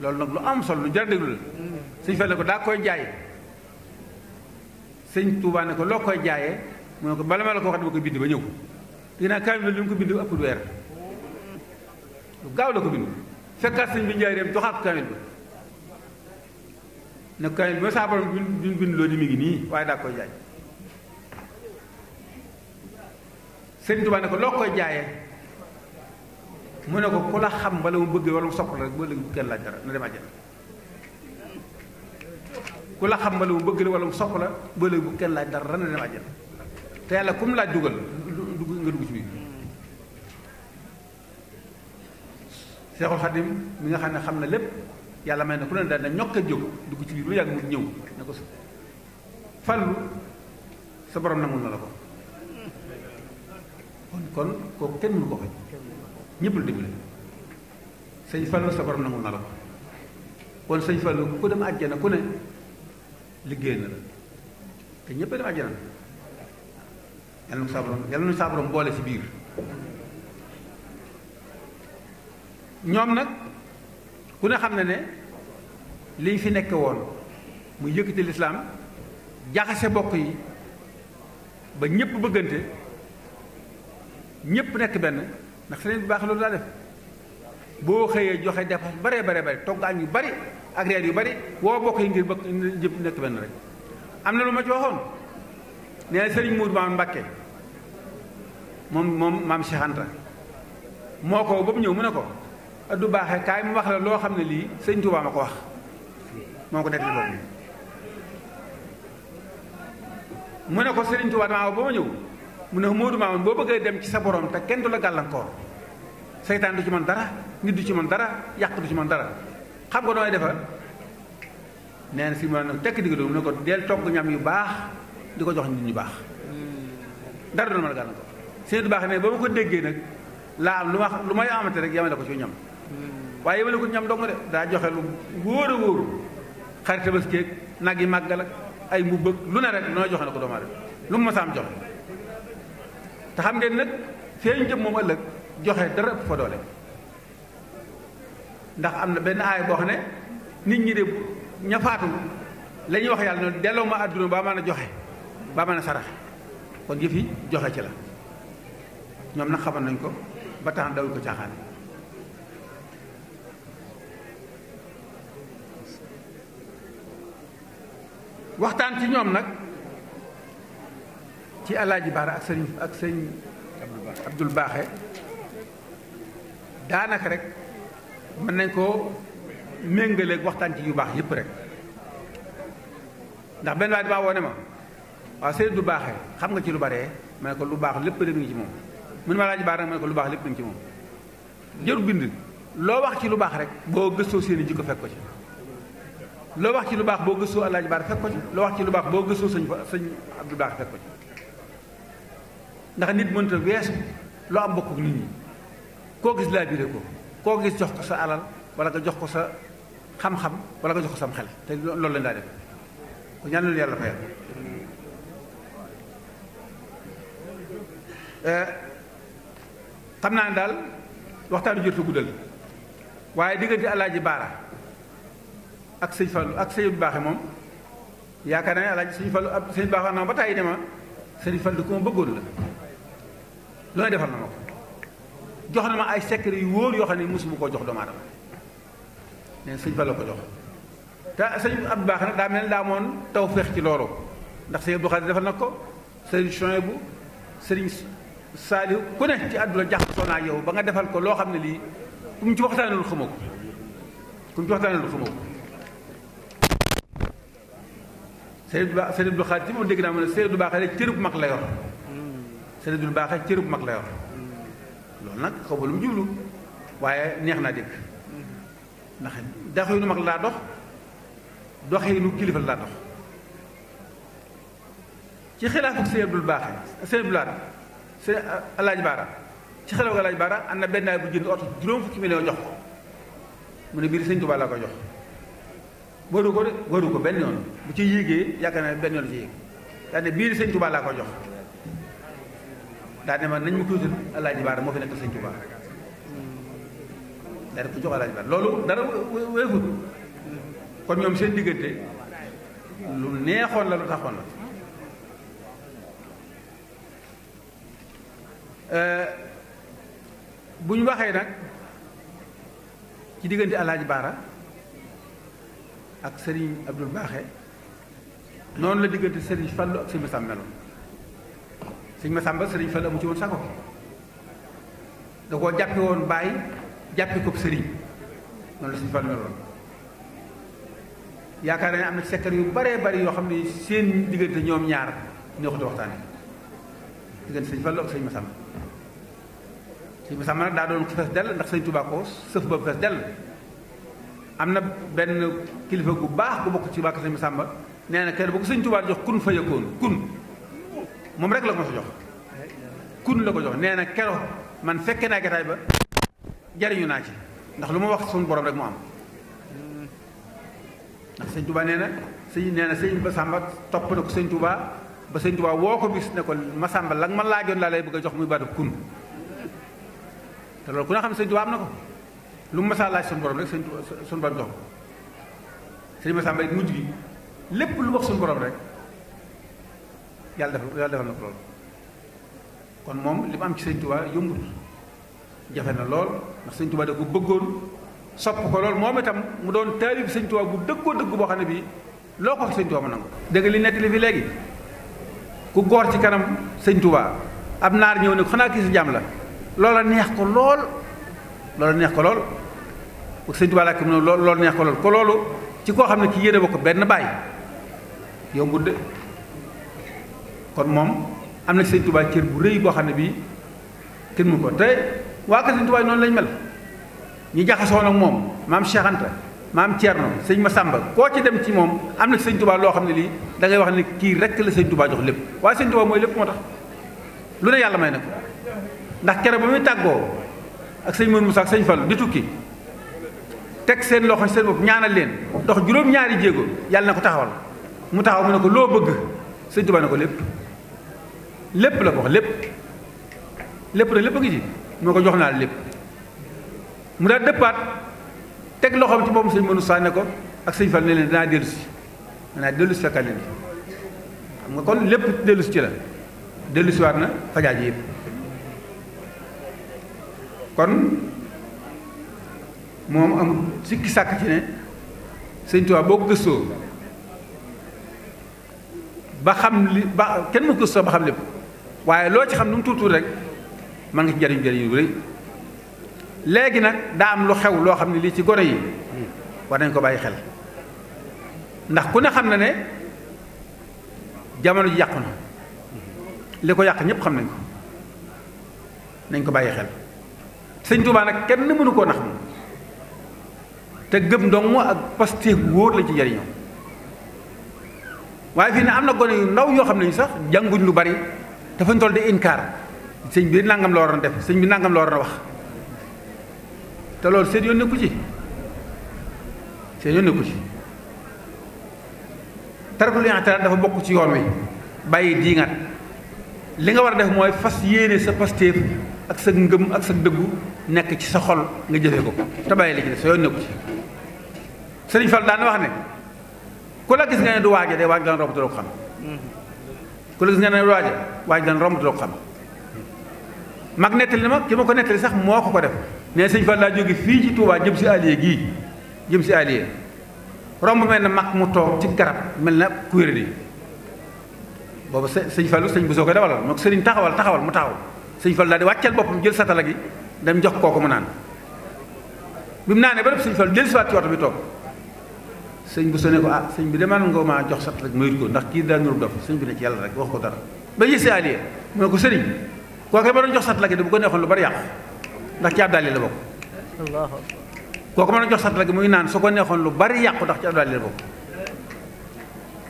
loolu nag lu am solo lu jar déglu la sëñ Fallu ko daa koy jaay sëñ Tuubaa ko loo koy jaayee mu ne ko bala ma la ko wax dama ko bind ba ñëw te naa kaamil li mu ko bind ëpp weer lu gaaw la ko bind fekkaat sëñ bi njaay dem joxaat kaamil ba ne kaamil bi ma saa borom bi bind loolu mi ngi nii waaye daa koy jaay sëñ Tuubaa ko loo koy jaaye mu ne ko ku la xam wala mu bëgg wala mu sopp la boo léegi bu kenn laaj dara na dem àjjana ku la xam wala mu bëgg la wala mu sopp la boo léegi bu kenn laaj dara na dem àjjana te yàlla ku mu laaj dugal dugg nga dugg ci biir Seexul Xadim mi nga xam ne xam na lépp yàlla may ne ku ne daan na ñokk a jóg dugg ci biir lu yàgg mu ñëw ne ko fallu sa borom nangul na la ko kon kon kenn mënu ko xëj ñëpp la dimbale sëñ Fallu sa borom nangul na la ko kon sëñ Fallu ku dem àjjana ku ne liggéey na la te ñëpp dem àjjana yàlla na ko boole ci biir ñoom nag ku ne xam ne ne liñ fi nekk woon mu yëkkati lislaam jaxase bokk yi ba ñépp bëggante ñëpp nekk benn ndax sëriñ bu baax loolu daa def boo xëyee joxe dépense bare bare bare toggaan yu bari ak reer yu bari woo bokk yi ngir bëgg jëpp nekk benn rek am na lu ma ci waxoon nee na sëriñ Mourou Maam Mbàkke moom moom maam Cheikh Anta moo ko ba mu ñëw mu ne ko addu baaxee kaay mu wax la loo xam ne lii sëñ Touba ma ko wax moo ko nekk li boobu mu ne ko sëriñ Touba damaa ba ma ñëw mu ne Modou Mamoun boo bëggee dem ci sa borom te kenn du la gàllankoor seytaan du ci mën dara nit du ci mën dara yàq du ci mën dara xam nga nooy defar nee na si maanaam tekk digg mu ne ko del togg ñam yu baax di ko jox nit ñu baax hmm. dara du a gàllankoor du baax ne ba ma ko déggee nag laa am lu ma lu may amate rek yamale ko ci ñam hmm. waaye yamale ko ñam dong de daa joxe lu wóor a wóoru xarit tabaski nag yi màgg la ay mbubb ak lu ne rek noo joxe na ko doomaa rek lu mu ma saam te xam ngeen nag feeñ jëm moom ëllëg joxe dara ëpp fa ndax am na benn aay boo xam ne nit ñi de ñafaatu lañuy wax yàlla noonu delloo ma àdduna baa mën a joxe ba mën a saraxe kon yëf yi joxe ci la ñoom nag xamoon nañ ko ba tax dawuñ ko caaxaan waxtaan ci ñoom nag ci alaaji baara ak sëñ ak sëñ abdul baaxe daanaka rek mën nañ koo méngaleeg waxtaan ci yu baax yëpp rek ndax benn waay damaa woone ma waaw sëñ du baaxe xam nga ci lu bare ma ko lu baax lépp rek ngi ci moom mun ma alaaji baara nag ma ne ko lu baax lépp ngi ci moom jëru bind loo wax ci lu baax rek boo gëstoo seeni jikko fekk ko ci loo wax ci lu baax boo gëstoo alaaji baara fekk ko ci loo wax ci lu baax boo gëstoo sëñ sëñ abdul baaxe fekk ko ci ndax nit mënta wees loo am bokk nit ñi koo gis laabire ko koo gis jox ko sa alal wala nga jox ko sa xam-xam wala nga jox ko sam xel te loolu lañ daa def ko ñaan loolu yàlla fayal eh, xam naa ne daal waxtaanu jërtu guddal waaye diggante alaaji baara ak sëñ Fallou ak sëñ baax moom yaakaar naa ne alaaji sëñ Fallou ab sëñ baaxe naa ba tàyyi ne ma sëñ Fallou ku ma bëggoon la looy defal na ma ko jox na ma ay secret yu wóor yoo xam ne mosuma koo jox doomu aadama ne sëñ fa la ko jox te sëñ Abdou Baax nag daa mel daa moon taw feex ci loolu ndax sëñ Abdou Xaadir defal na ko sëriñ bu sëriñ Saaliw ku ne ci àdduna jaxasoo naa yow ba nga defal ko loo xam ne lii ku mu ci waxtaanee lu xamoo ko ku mu ci waxtaanee lu xamoo ko sëriñ Abdou Xaadir ci moom dégg naa mu ne sëriñ Abdou Baax rek cër bu mag la yor sëriñ baax baaxee cër bu mag la yor loolu nag xaw ma lu mu jublu waaye neex naa dégg ndax doxinu mag laa dox doxinu kilifa laa dox ci xilaafuk sëriñ dul baaxee sëriñ dul aada sëriñ alaaj baara ci xelal ko alaaj am na benn bu jënd oto juróom fukki million sëñ Tuubaa laa ko jox góoru ko de góoru ko benn yoon bu ci yéegee yaakaar na benn yoon ci yéeg daal biir sëñ laa ko jox daa ne ma nañ ma tuutal Alaaji Baara moo fi nekk Sëñ Tuubaa hmm. daa ko jox Alaaji Baara loolu dara wéefut hmm. kon ñoom seen diggante lu neexoon la lu taxoon la eh, bu ñu waxee nag ci diggante Alaaji Baara ak Sëriñ Abdul Baaxe noonu la diggante Sëriñ Fallu ak Sëriñ Sam meloon sëñ Masamba sëriñ Fall amu ci woon sago da koo sëriñ noonu la sëñ Fall am na secteur yu baree bari yoo xam ne seen diggante ñoom ñaar neexutu waxtaane diggante sëñ Fall ak sëñ Masamba sëñ Masamba nag daa doon ko fees dell ndax sëñ Tuubaa sëf ba fees dell am na benn kilifa gu baax bu bokk ci wàkk sëñ Masamba nee na kër bu ko sëñ Tuubaa jox kun fa yëkkoon kun moom rek la ko sa jox kun la ko jox nee na keroog man fekke naa gataay ba jariñu naa ci ndax lu ma wax suñu borom rek mu am ndax sëñ Touba nee na sëñ nee na sëñ Masamba topp na ko sëñ Touba ba sëñ Touba woo ko bis ne ko Masamba la nga laa lay bëgg a jox muy baatu kun te loolu ku ne xam ne sëñ Touba am na ko lu mu masaa laaj suñu borom rek sëñ Touba suñu borom jox ko sëñ Masamba it mujj gi lépp lu wax suñ borom rek. yàlla defal yàlla defal na ko loolu kon moom li mu am ci sëñ Tuubaa yombul jafe na lool ndax sëñ Tuubaa da ko bëggoon sopp ko lool moom itam mu doon taalib sëñ Tuubaa bu dëggoo dëgg boo xam ne bii loo ko sëñ ma nangu dégg li nettali fi léegi ku góor ci kanam sëñ Tuubaa naar ñëw ne xanaa kii si la loola neex ko lool loola neex ko lool sëñ Tuubaa làkk mu ne lool loolu ko lool ci koo xam ne ki yéene ba ko benn bàyyi yombul de kon moom am na sëñ Tuubaa cër bu rëy boo xam ne bii kenn mu ko te waa kër sëñ Tuubaa noonu lañ mel ñu jaxasoo nag moom maam Cheikh Anta maam Thierno sëñ Massamba koo ci dem ci moom am na sëñ Tuubaa loo xam ne lii da wax ne kii rek la sëñ Tuubaa jox lépp waaye sëñ Tuubaa mooy lépp moo tax lu ne yàlla may na ko ndax kere ba muy tàggoo ak sëñ Mourou Moussa ak sëñ Fallou di tukki teg seen loxo seen bopp ñaanal leen dox juróom-ñaari jéego yàlla na ko taxawal mu taxaw mu ne ko loo bëgg sëñ Tuubaa ko lépp. lépp la ko lépp lépp nag lépp ngi moo ko jox naa lépp mu daal dëppaat teg loxoom ci moom sëñ mënu sànne ko ak sëñ Fall ne leen danaa dellu si danaa dellu si leen xam nga kon lépp dellu ci la dellu waat na fajaaji yëpp kon moom am sikki sàkk ci ne sëñ Tuubaa boo gëstoo ba xam li ba kenn mu gëstoo ba xam lépp waaye loo ci xam nu mu tuuti rek mën nga ci jariñ jariñ bu rëy léegi nag daa am lu xew loo xam ne lii ci gone yi war nañ ko bàyyi xel ndax ku ne xam na ne jamono ji yàqu na li ko yàq ñëpp xam nañ ko nañ ko bàyyi xel sëñ Tuubaa nag kenn mënu koo nax moom te gëm ndong ak pastéef wóor lañ ci jariñoo waaye fii ne am na gone yu ndaw yoo xam ne sax jànguñ lu bari dafa ñu toll di inkaar sëñ bi nangam la waroon def sëñ bi nangam la waroon wax te loolu seen yoon nekku ci seen yoon nekku ci tarkul i'tiraad dafa bokk ci yoon wi bàyyi diingat li nga war a def mooy fas yéene sa pastéef ak sa ngëm ak sa dëggu nekk ci sa xol nga jëfe ko te bàyyi li ci def sa yoon nekku ci sëriñ Fall daan wax ne ku la gis nga du waaje de waaj la nga romb du ko xam mm-hmm. ku la gis nga ne waaje waaye daan romb doo ko xam mag nettali ma ki ma ko nettali sax moo ko ko def ne sëñ Fall laa jóge fii ci Touba jëm si allié gii jëm si allié romb mel na mag mu toog ci garab mel na ku wér di boobu sëñ fal sëñ bu soo koy dawalal moo ko sëriñ taxawal taxawal mu taxaw sëñ Fall daal di wàccal boppam jël satala gi dem jox kooku mu naan bi mu naanee ba def sëñ Fall dellusiwaat ci oto bi toog sëñ bu sone ko ah sëñ bi demal nga maa jox sat rek mayut ko ndax kii daa nuru dof sëñ bi ne ci yàlla rek wax ko dara ba yësee aliye mu ne ko sëriñ kooke ma doon jox sat lagi da ko neexoon lu bari yàq ndax ci abdaali la bokk kooku ma doon jox sat lagi muy naan su neexoon lu bari yàqu ndax ci abdaali la bokk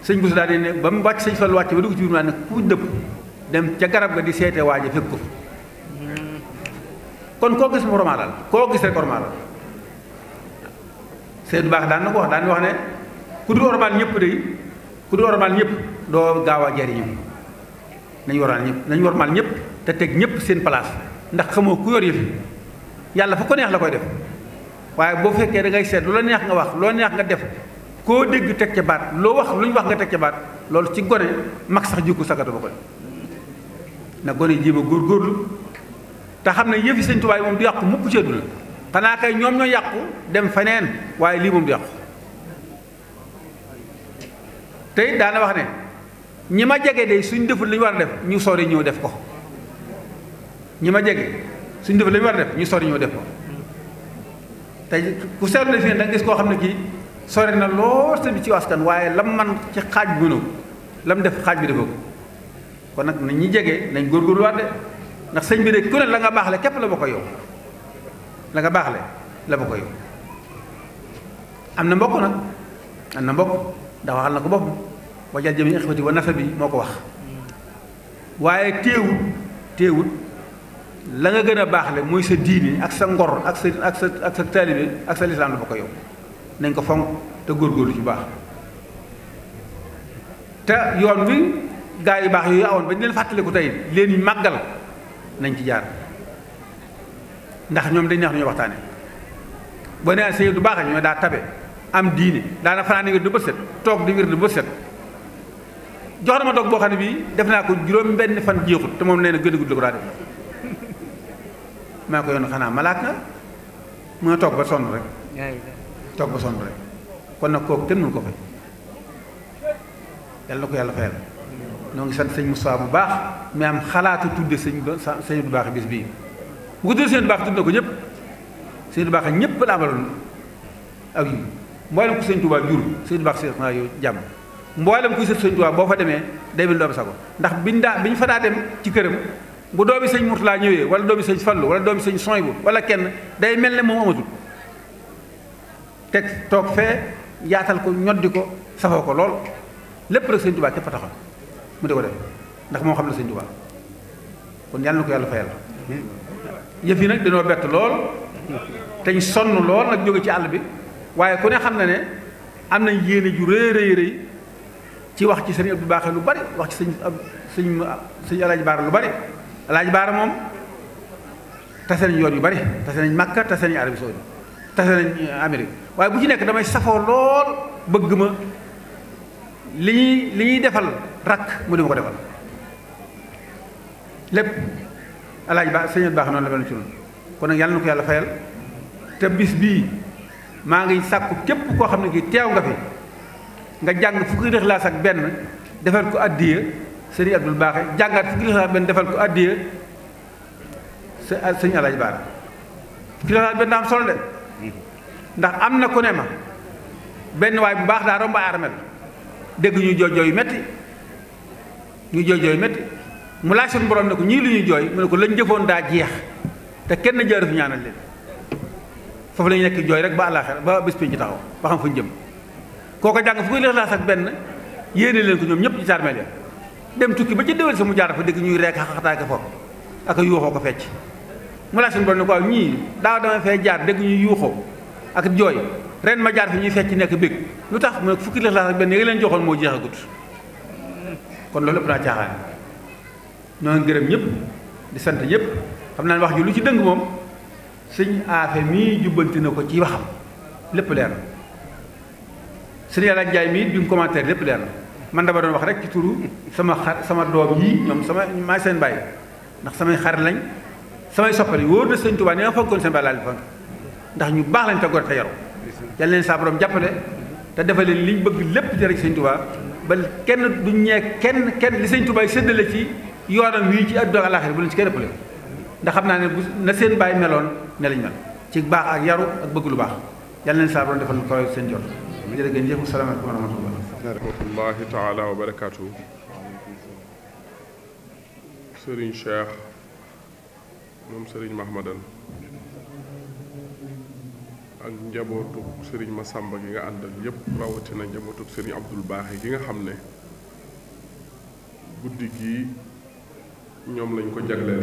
sëñ bu daa di ne ba mu wàcc sëñ Fallu wàcc ba dugg ci biir mu naan ne dem ca garab ga di seete waaje fekk ko hmm. kon koo gis mu romaalal koo gis rek romaalal Seydou Baax daan na ko wax daan wax ne ku dul ormaal ñëpp day ku ñëpp doo gaaw a jariñu nañu warmaal ñëpp nañu warmaal ñépp te teg ñëpp seen place ndax xamoo ku yor yëf yàlla fu ko neex la koy def waaye boo fekkee da ngay lu la neex nga wax loo neex nga def koo dégg teg ca baat loo wax lu ñu wax nga teg ca baat loolu ci gone mag sax jikko sagatu ba ko na gone jéem góor góorgóorlu te xam ne yëfi sëñ Tuubaa moom du yàqu mukk ci àdduna xanaa kay ñoom ñoo yàqu dem feneen waaye lii moom yàqu tey daana wax ne ñi ma jege de suñ deful li ñu war def ñu sori ñoo def ko ñi ma jege suñ deful li ñu ñu sori ñoo def ko tey ku seetlu koo xam ne kii sori na lool sa ci askan waaye lam man ci xaaj bi lam def xaaj bi defoo ko kon nag na ñi jege nañ góorgóorluwaat de ndax sëñ bi de ku ne la nga baax le képp la ba ko yow la nga baaxle la ma ko yow am na mbokk nag am na mbokk ndax waxal na ko boppam wa jal jëmi ixbati wa bi moo ko wax waaye téewut téewut la nga gën a baaxle mooy sa diine ak sa ngor ak sa ak sa ak ak sa lislaam la ma ko yow nañ ko fonk te góor góorgóorlu ci baax te yoon bi gaa yu baax yooyu awoon ba ñu leen fàttaliku tey leen màggal nañ ci jaar ndax ñoom dañ neex nañu waxtaane boo nee sëñ du baax a ñoo daa tabe am diine daana fanaan ngir du ba set toog di wir du ba set jox na ma toog boo xam ne bii def naa ko juróom benn fan jeexut te moom nee na gën a gudd la ko daa def maa ko yoon xanaa malaat na mu ne toog ba sonn rek toog ba sonn rek kon nag kook kenn mënu ko fay yàlla na ko yàlla fayal noo ngi sant sëñ Moussa bu baax mais am xalaatu tudde sëñ ba sëñ bu baax bis bii bu ko dul seen baax tudd na ko ñëpp seen baax ñëpp la amaloon ak yu mboolem ku sëñ Tuubaa jur seen baax seen xanaa yow jàmm mboolem ku sëf sëñ Tuubaa boo fa demee day mel doomu sago ndax biñ daa biñ fa daa dem ci këram bu doomi sëñ Murtala ñëwee wala doomi sëñ Fallu wala doomi sëñ Soybu wala kenn day mel ne moom amatul teg toog fee yaatal ko ñoddi ko safoo ko lool lépp rek sëñ Tuubaa képp fa taxaw mu di ko def ndax moo xam ne sëñ Tuubaa kon yàlla na ko yàlla fayal. yëf yi nag dañoo bett lool teñ sonn lool nag jóge ci àll bi waaye ku ne xam na ne am nañ yéene ju rëy rëy rëy ci wax ci sëñ bu Baaxe lu bari wax ci sëñ sëñ sëñ Alaaji Baara lu bari Alaaji Baara moom tase nañ yoon yu bari tase nañ Makka tase nañ Arabie Saoudite tase nañ Amérique waaye bu ci nekk damay safoo lool bëgg ma li ñuy li ñuy defal rakk mu di ko defal lépp alaaj ba sëñ baax noonu la mel ci noonu kon nag yàlla na ko yàlla fayal te bis bii maa ngi sàkku képp koo xam ne kii teew nga fi nga jàng fukki Ixlaas ak benn defal ko addiya sëriñ Abdul Baaxe jàngaat fukki Ixlaas ak benn defal ko addiya sa ah, sëñ alaaj baax fukki Ixlaas benn daa am solo ndax am na ko ne ma benn waay bu baax daa romb armel dégg ñu joojoo yu metti ñu joojoo yu metti mu laaj suñu borom ne ko ñii lu ñuy jooy mu ne ko lañ jëfoon daa jeex te kenn jaaru fi ñaanal leen foofu la nekk jooy rek ba àllaaxira ba bés bi ñu taxaw ba xam fu ñu jëm kooko jàng fu koy lixlaas ak leen ko ñoom ñëpp ci sarmeel dem tukki ba ci déwél sa mu jaar fa dégg ñuy rekk taa ko foofu ak yuuxoo ko fecc mu laaj suñu borom ne ko waaw ñii daa dama fee jaar dégg ñuy yuuxoo ak jooy ren ma jaar fi ñuy fecc nekk bég lu tax mu ne fukki lixlaas ak benn yéegi leen joxoon moo jeexagut kon loolu ëpp naa noo ngi gërëm ñëpp di sant ñëpp xam naa ne wax ji lu ci dëng moom sëñ aafe mii jubbanti na ko ci waxam lépp leer na sëñ Yàlla jaay mii bi mu commentaire lépp leer na man dama doon wax rek ci turu sama xar sama doom yii ñoom sama maa seen bàyyi ndax samay xar lañ samay soppali wóor na sëñ Tuubaa ni ma fonkoon seen bàyyi laa fonk ndax ñu baax lañ te gor te yaru yàlla leen saa jàppale te defal leen liñ bëgg lépp jërëjëf sëñ Tuubaa ba kenn du ñee kenn kenn li sëñ Tuubaa yoonam wii ci àdduna ak àllaaxira bu leen ci kenn ëppale ndax xam naa ne bu na seen bàyyi meloon ne lañ ci baax ak yaru ak bëgg lu baax yàlla na leen saa doon defal ko seen jot jërë ngeen jëf salaamaaleykum wa rahmatullah rahmatullahi taala wa moom sëriñ Mahmadan ak njabootu sëriñ Masamba gi nga àndal yépp rawatina njabootu sëriñ Abdul Baax gi nga xam ne guddi gi ñoom lañ ko jagleel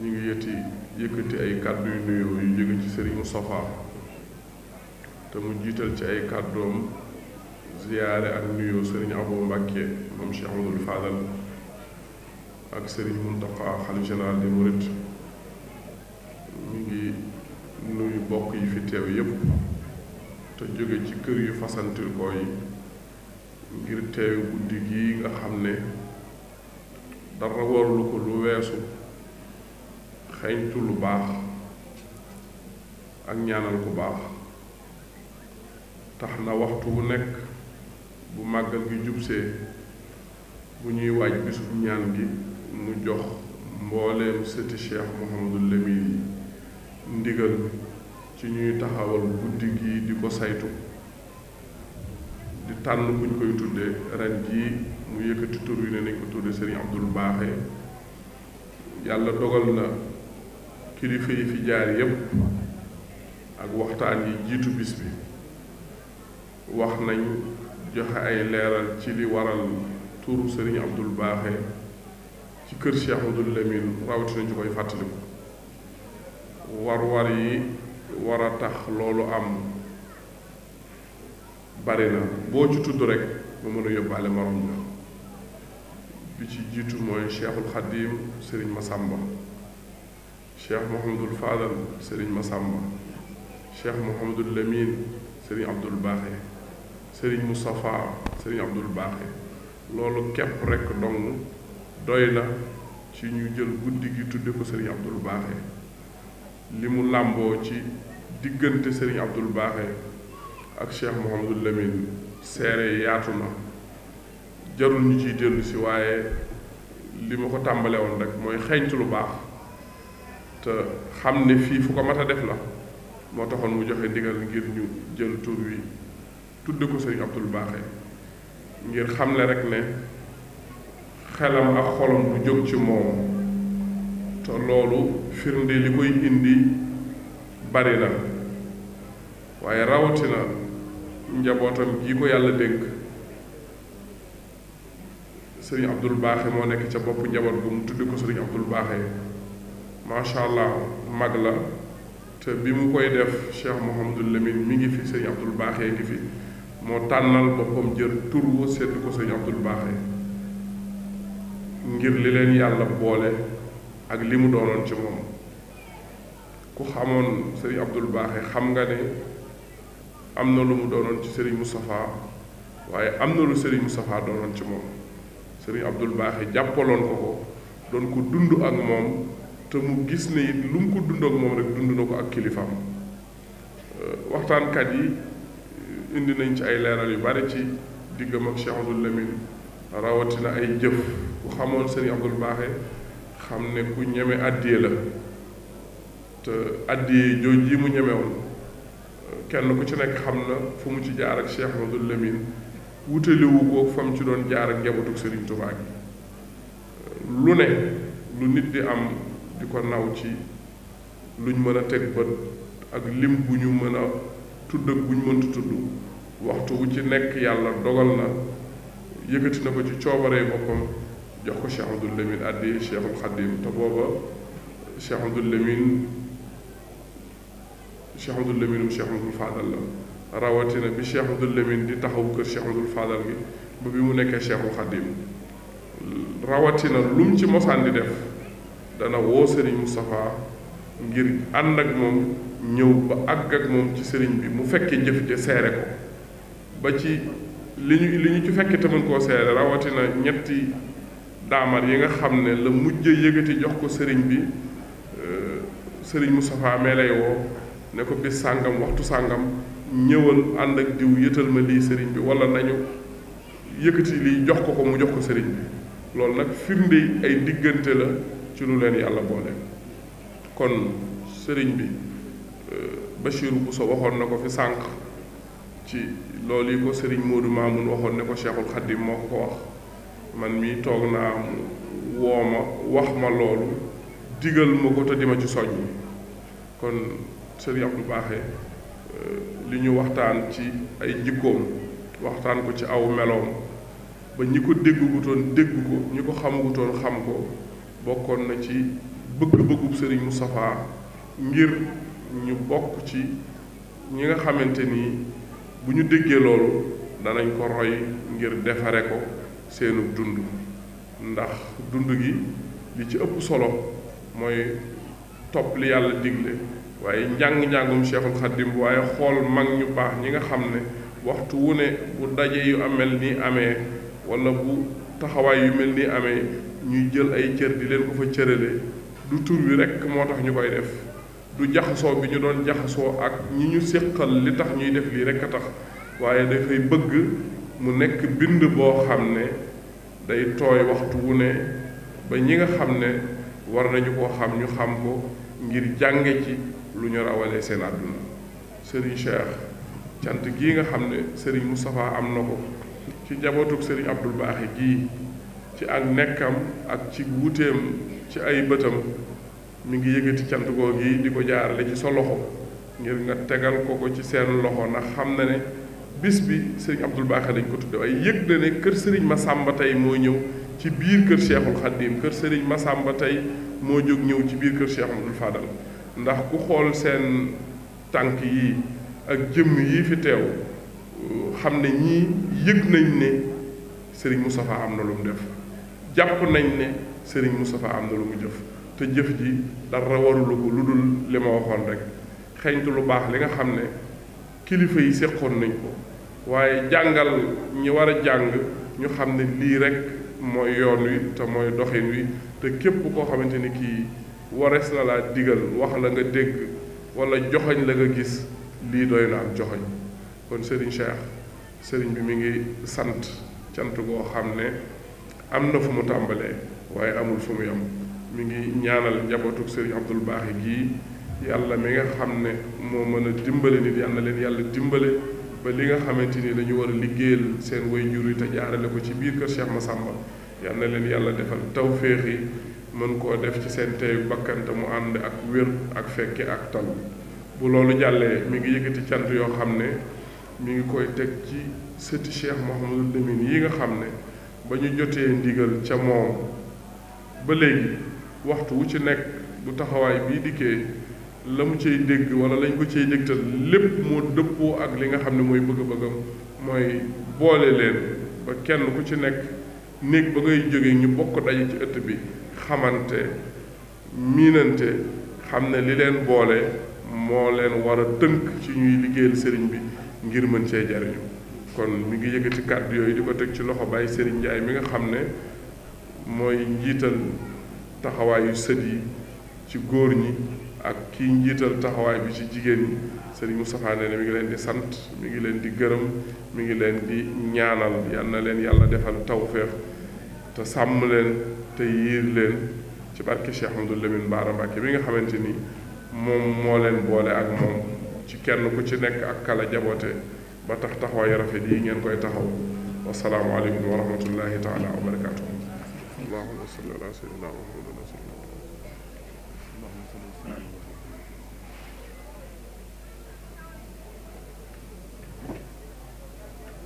ñu ngi yëti yëkkati ay kàddu yu nuyoo yu jóge ci Serigne Moustapha te mu jiital ci ay kàddoom ziyaare ak nuyoo Serigne Abou Mbacké moom Cheikh Amadou Fadal ak Serigne Mountakha xalif général des Mourides ñu ngi nuyu bokk yi fi teew yépp te jóge ci kër yu fasantil ko yi ngir teew guddi gii nga xam ne dara warulu ko lu weesu xeeñtu lu baax ak ñaanal ku baax tax na waxtu wu nekk bu màggal gi jubsee bu ñuy waaj bisub ñaan gi mu jox mbooleem sëti Cheikh Mouhamadul yi ndigal ci ñuy taxawal guddi gi di ko saytu di tànn buñ koy tuddee ren jii mu yëkkati tur wi ne nañ ko tudde sëriñ Abdul Baaxe yàlla dogal na kilifa yi fi jaar yépp ak waxtaan yi jiitu bis bi wax nañ joxe ay leeral ci li waral turu sëriñ Abdul Baaxe ci kër Cheikh Abdoul Lamine rawatina ñu koy fàttaliku war-war yi war a tax loolu am bari na boo ci tudd rek mu mën a yóbbaale morom na bi ci jiitu mooy cheikhul xadim sëriñ Masamba cheikh Mouhamadul Fadal sëriñ Masamba cheikh Mouhamadul Lamine sëriñ Abdul Baaxe sëriñ Moustapha sëriñ Abdul Baaxe loolu képp rekk dong doy na ci ñu jël guddi gi tudde ko sëriñ Abdul Baaxe li mu làmboo ci diggante sëriñ Abdul Baaxe ak cheikh Mouhamadul Lamine seere yaatu na jarul ñu ciy dellu si waaye li ma ko tàmbale woon rek mooy xeeñtu lu baax te xam ne fii fu ko mat a def la moo taxoon mu joxe ndigal ngir ñu jël tur wi tudde ko sëriñ Abdul Baaxe ngir xamle rek ne xelam ak xolam du jóg ci moom te loolu firnde li koy indi bari na waaye rawatina njabootam gi ko yàlla dégg sëriñ Abdul Baaxe moo nekk ca boppu njaboot bu mu tudd ko sëriñ Abdul Baaxe macha allah mag la te bi mu koy def Cheikh Mouhamadul Lamine mi ngi fi sëriñ Abdul Baaxe ngi fi moo tànnal boppam jël tur wa sedd ko sëriñ Abdul Baaxe ngir li leen yàlla boole ak li mu doonoon ci moom ku xamoon sëriñ Abdul Baaxe xam nga ne am na lu mu doonoon ci sëriñ Moustapha waaye am na lu sëriñ Moustapha doonoon ci moom sëriñ Abdul Baaxe jàppaloon ko ko doon ko dund ak moom te mu gis ne it lu mu ko dund ak moom rek dund na ko ak kilifaam euh, waxtaankat yi euh, indi nañ ci ay leeral yu bare ci diggam ak Cheikh Abdoul Lamine rawatina ay jëf ku xamoon sëriñ Abdul Baaxe xam ne ku ñeme àddiye la te àddiye jooj yi mu ñeme kenn ku ci nekk xam na fu mu ci jaar ak Cheikh Abdoul Lamine wutalewu ko fam ci doon jaar ak njabootug Serigne Touba gi lu ne lu nit di am di ko naw ci luñ mën a teg bët ak lim bu ñu mën a tudd ak bu ñu mënta tudd waxtu wu ci nekk yàlla dogal na yëkkati na ko ci coobaree boppam jox ko Cheikh Abdoul Lamine addi Cheikhul Khadim te booba Cheikh Abdoul Lamine Cheikh Abdoul Lamine Cheikh Abdoul Fadal la rawatina bi Cheikh Abdoul Lamine di taxaw kër Cheikh Abdoul Fadal gi ba bi mu nekkee Cheikhul Khadim rawatina lu mu ci mosaan di def dana woo Serigne Moustapha ngir ànd ak moom ñëw ba àgg ak moom ci Serigne bi mu fekkee jëf ja seere ko ba ci li ñu li ñu ci fekkee te mën koo seere rawatina ñetti daamar yi nga xam ne la mujj yëgati jox ko Serigne bi euh, Serigne Moustapha mee lay woo ne ko bis sàngam waxtu sàngam. ñëwal ànd ak diw yëtal ma lii sëriñ bi walla nañu yëkkati lii jox ko ko mu jox ko sëriñ bi loolu nag firnde ay diggante la ci lu leen yàlla boole kon sëriñ bi euh, Bachirou Bousso waxoon na ko fi sànq ci loolu yi ko sëriñ Modou Mamoun waxoon ne ko Cheikhul Khadim moo ko wax man mii toog naa mu woo ma wax ma loolu digal ma ko te ci soññ kon sëriñ Abdou Baaxe li ñu waxtaan ci ay jikkoom waxtaan ko ci aw meloom ba ñi ko déggutoon dégg ko ñi ko xamagutoon xam ko bokkoon na ci bëgg-bëggub sëriñ Moustapha ngir ñu bokk ci ñi nga xamante ni bu ñu déggee loolu danañ ko roy ngir defare ko seenu dund ndax dund gi li ci ëpp solo mooy topp li yàlla digle waaye njàng-njàngum cheikhul xadim waaye xool mag ñu baax ñi nga xam ne waxtu wu ne bu daje yu amel nii amee wala bu taxawaay yu mel nii amee ñuy jël ay cër di leen ko fa cërale du tur bi rekk moo tax ñu koy def du jaxasoo bi ñu doon jaxasoo ak ñi ñu séqal li tax ñuy def lii rekk a tax waaye dafay bëgg mu nekk bind boo xam ne day tooy waxtu wu ne ba ñi nga xam ne war nañu koo xam ñu xam ko ngir jànge ci lu ñor a rawalee seen àdduna sëriñ Cheikh cant gii nga xam ne sëriñ Moustapha am na ko ci njabootug sëriñ Abdul Baaxi gii ci ak nekkam ak ci wuteem ci ay bëtam mu ngi yëgati cant googu yi di ko jaarale ci sa loxo ngir nga tegal ko ko ci seen loxo ndax xam na ne bis bi sëriñ Abdul Baaxi lañ ko tudde waaye yëg na ne kër sëriñ ma sàmba tey moo ñëw ci biir kër Cheikhul Khadim kër sëriñ ma sàmba tey moo jóg ñëw ci biir kër Cheikh Abdul Fadal ndax ku xool seen tànk yi ak jëmm yi fi teew xam ne ñii yëg nañ ne sëriñ Moustapha am na lu mu def jàpp nañ ne sëriñ Moustapha am na lu mu jëf te jëf ji dara warulu ko lu dul li ma waxoon rekk xeeñtu lu baax li nga xam ne kilifa yi seqoon nañ ko waaye jàngal ñi war a jàng ñu xam ne lii rek mooy yoon wi te mooy doxin wi te képp koo xamante ni kii warees na laa digal wax la nga dégg wala joxoñ la nga gis lii doy na am joxoñ kon sëriñ Cheikh sëriñ bi mi ngi sant cant goo xam ne am na fu mu tàmbalee waaye amul fu mu yem mi ngi ñaanal njabootug sëriñ Abdul Baaxi gii yàlla mi nga xam ne moo mën a dimbale nit yàlla leen yàlla dimbale ba li nga xamante ni dañu war a liggéeyal seen way jur yi te jaarale ko ci biir kër ma Massamba yàlla leen yàlla defal tawféex mën koo def ci seen teyu bakkante mu ànd ak wér ak fekke ak tal bu loolu jàllee mi ngi yëkkati cant yoo xam ne mi ngi koy teg ci sëti Cheikh Mouhamadul Lamine yi nga xam ne ba ñu jotee ndigal ca moom ba léegi waxtu wu ci nekk bu taxawaay bii dikkee la mu cay dégg wala lañ ko cay dégtal lépp moo dëppoo ak li nga xam ne mooy bëgg bëgga mooy boole leen ba kenn ku ci nekk néeg ba ngay jógee ñu bokk daje ci ëtt bi xamante miinante xam ne li leen boole moo leen war a tënk ci ñuy liggéeyal sëriñ bi ngir mën cee jariñu kon mu ngi ci kàddu yooyu di ko teg ci loxo Baye Serigne Ndiaye mi nga xam ne mooy njiital taxawaayu sët yi ci góor ñi ak kii njiital taxawaay bi ci jigéen ñi Serigne mu nee na mi ngi leen di sant mu ngi leen di gërëm mu ngi leen di ñaanal yal na leen yàlla defal tawfeex te sàmm leen te yiir leen ci barke Cheikh Amadou Lamine Bara Mbacké bi nga xamante ni moom moo leen boole ak moom ci kenn ku ci nekk ak kala jaboote ba tax taxawaayu rafet yi ngeen koy taxaw wasalaamualeykum wa rahmatullahi taala wa barakaatu allahuma salli ala sayyidina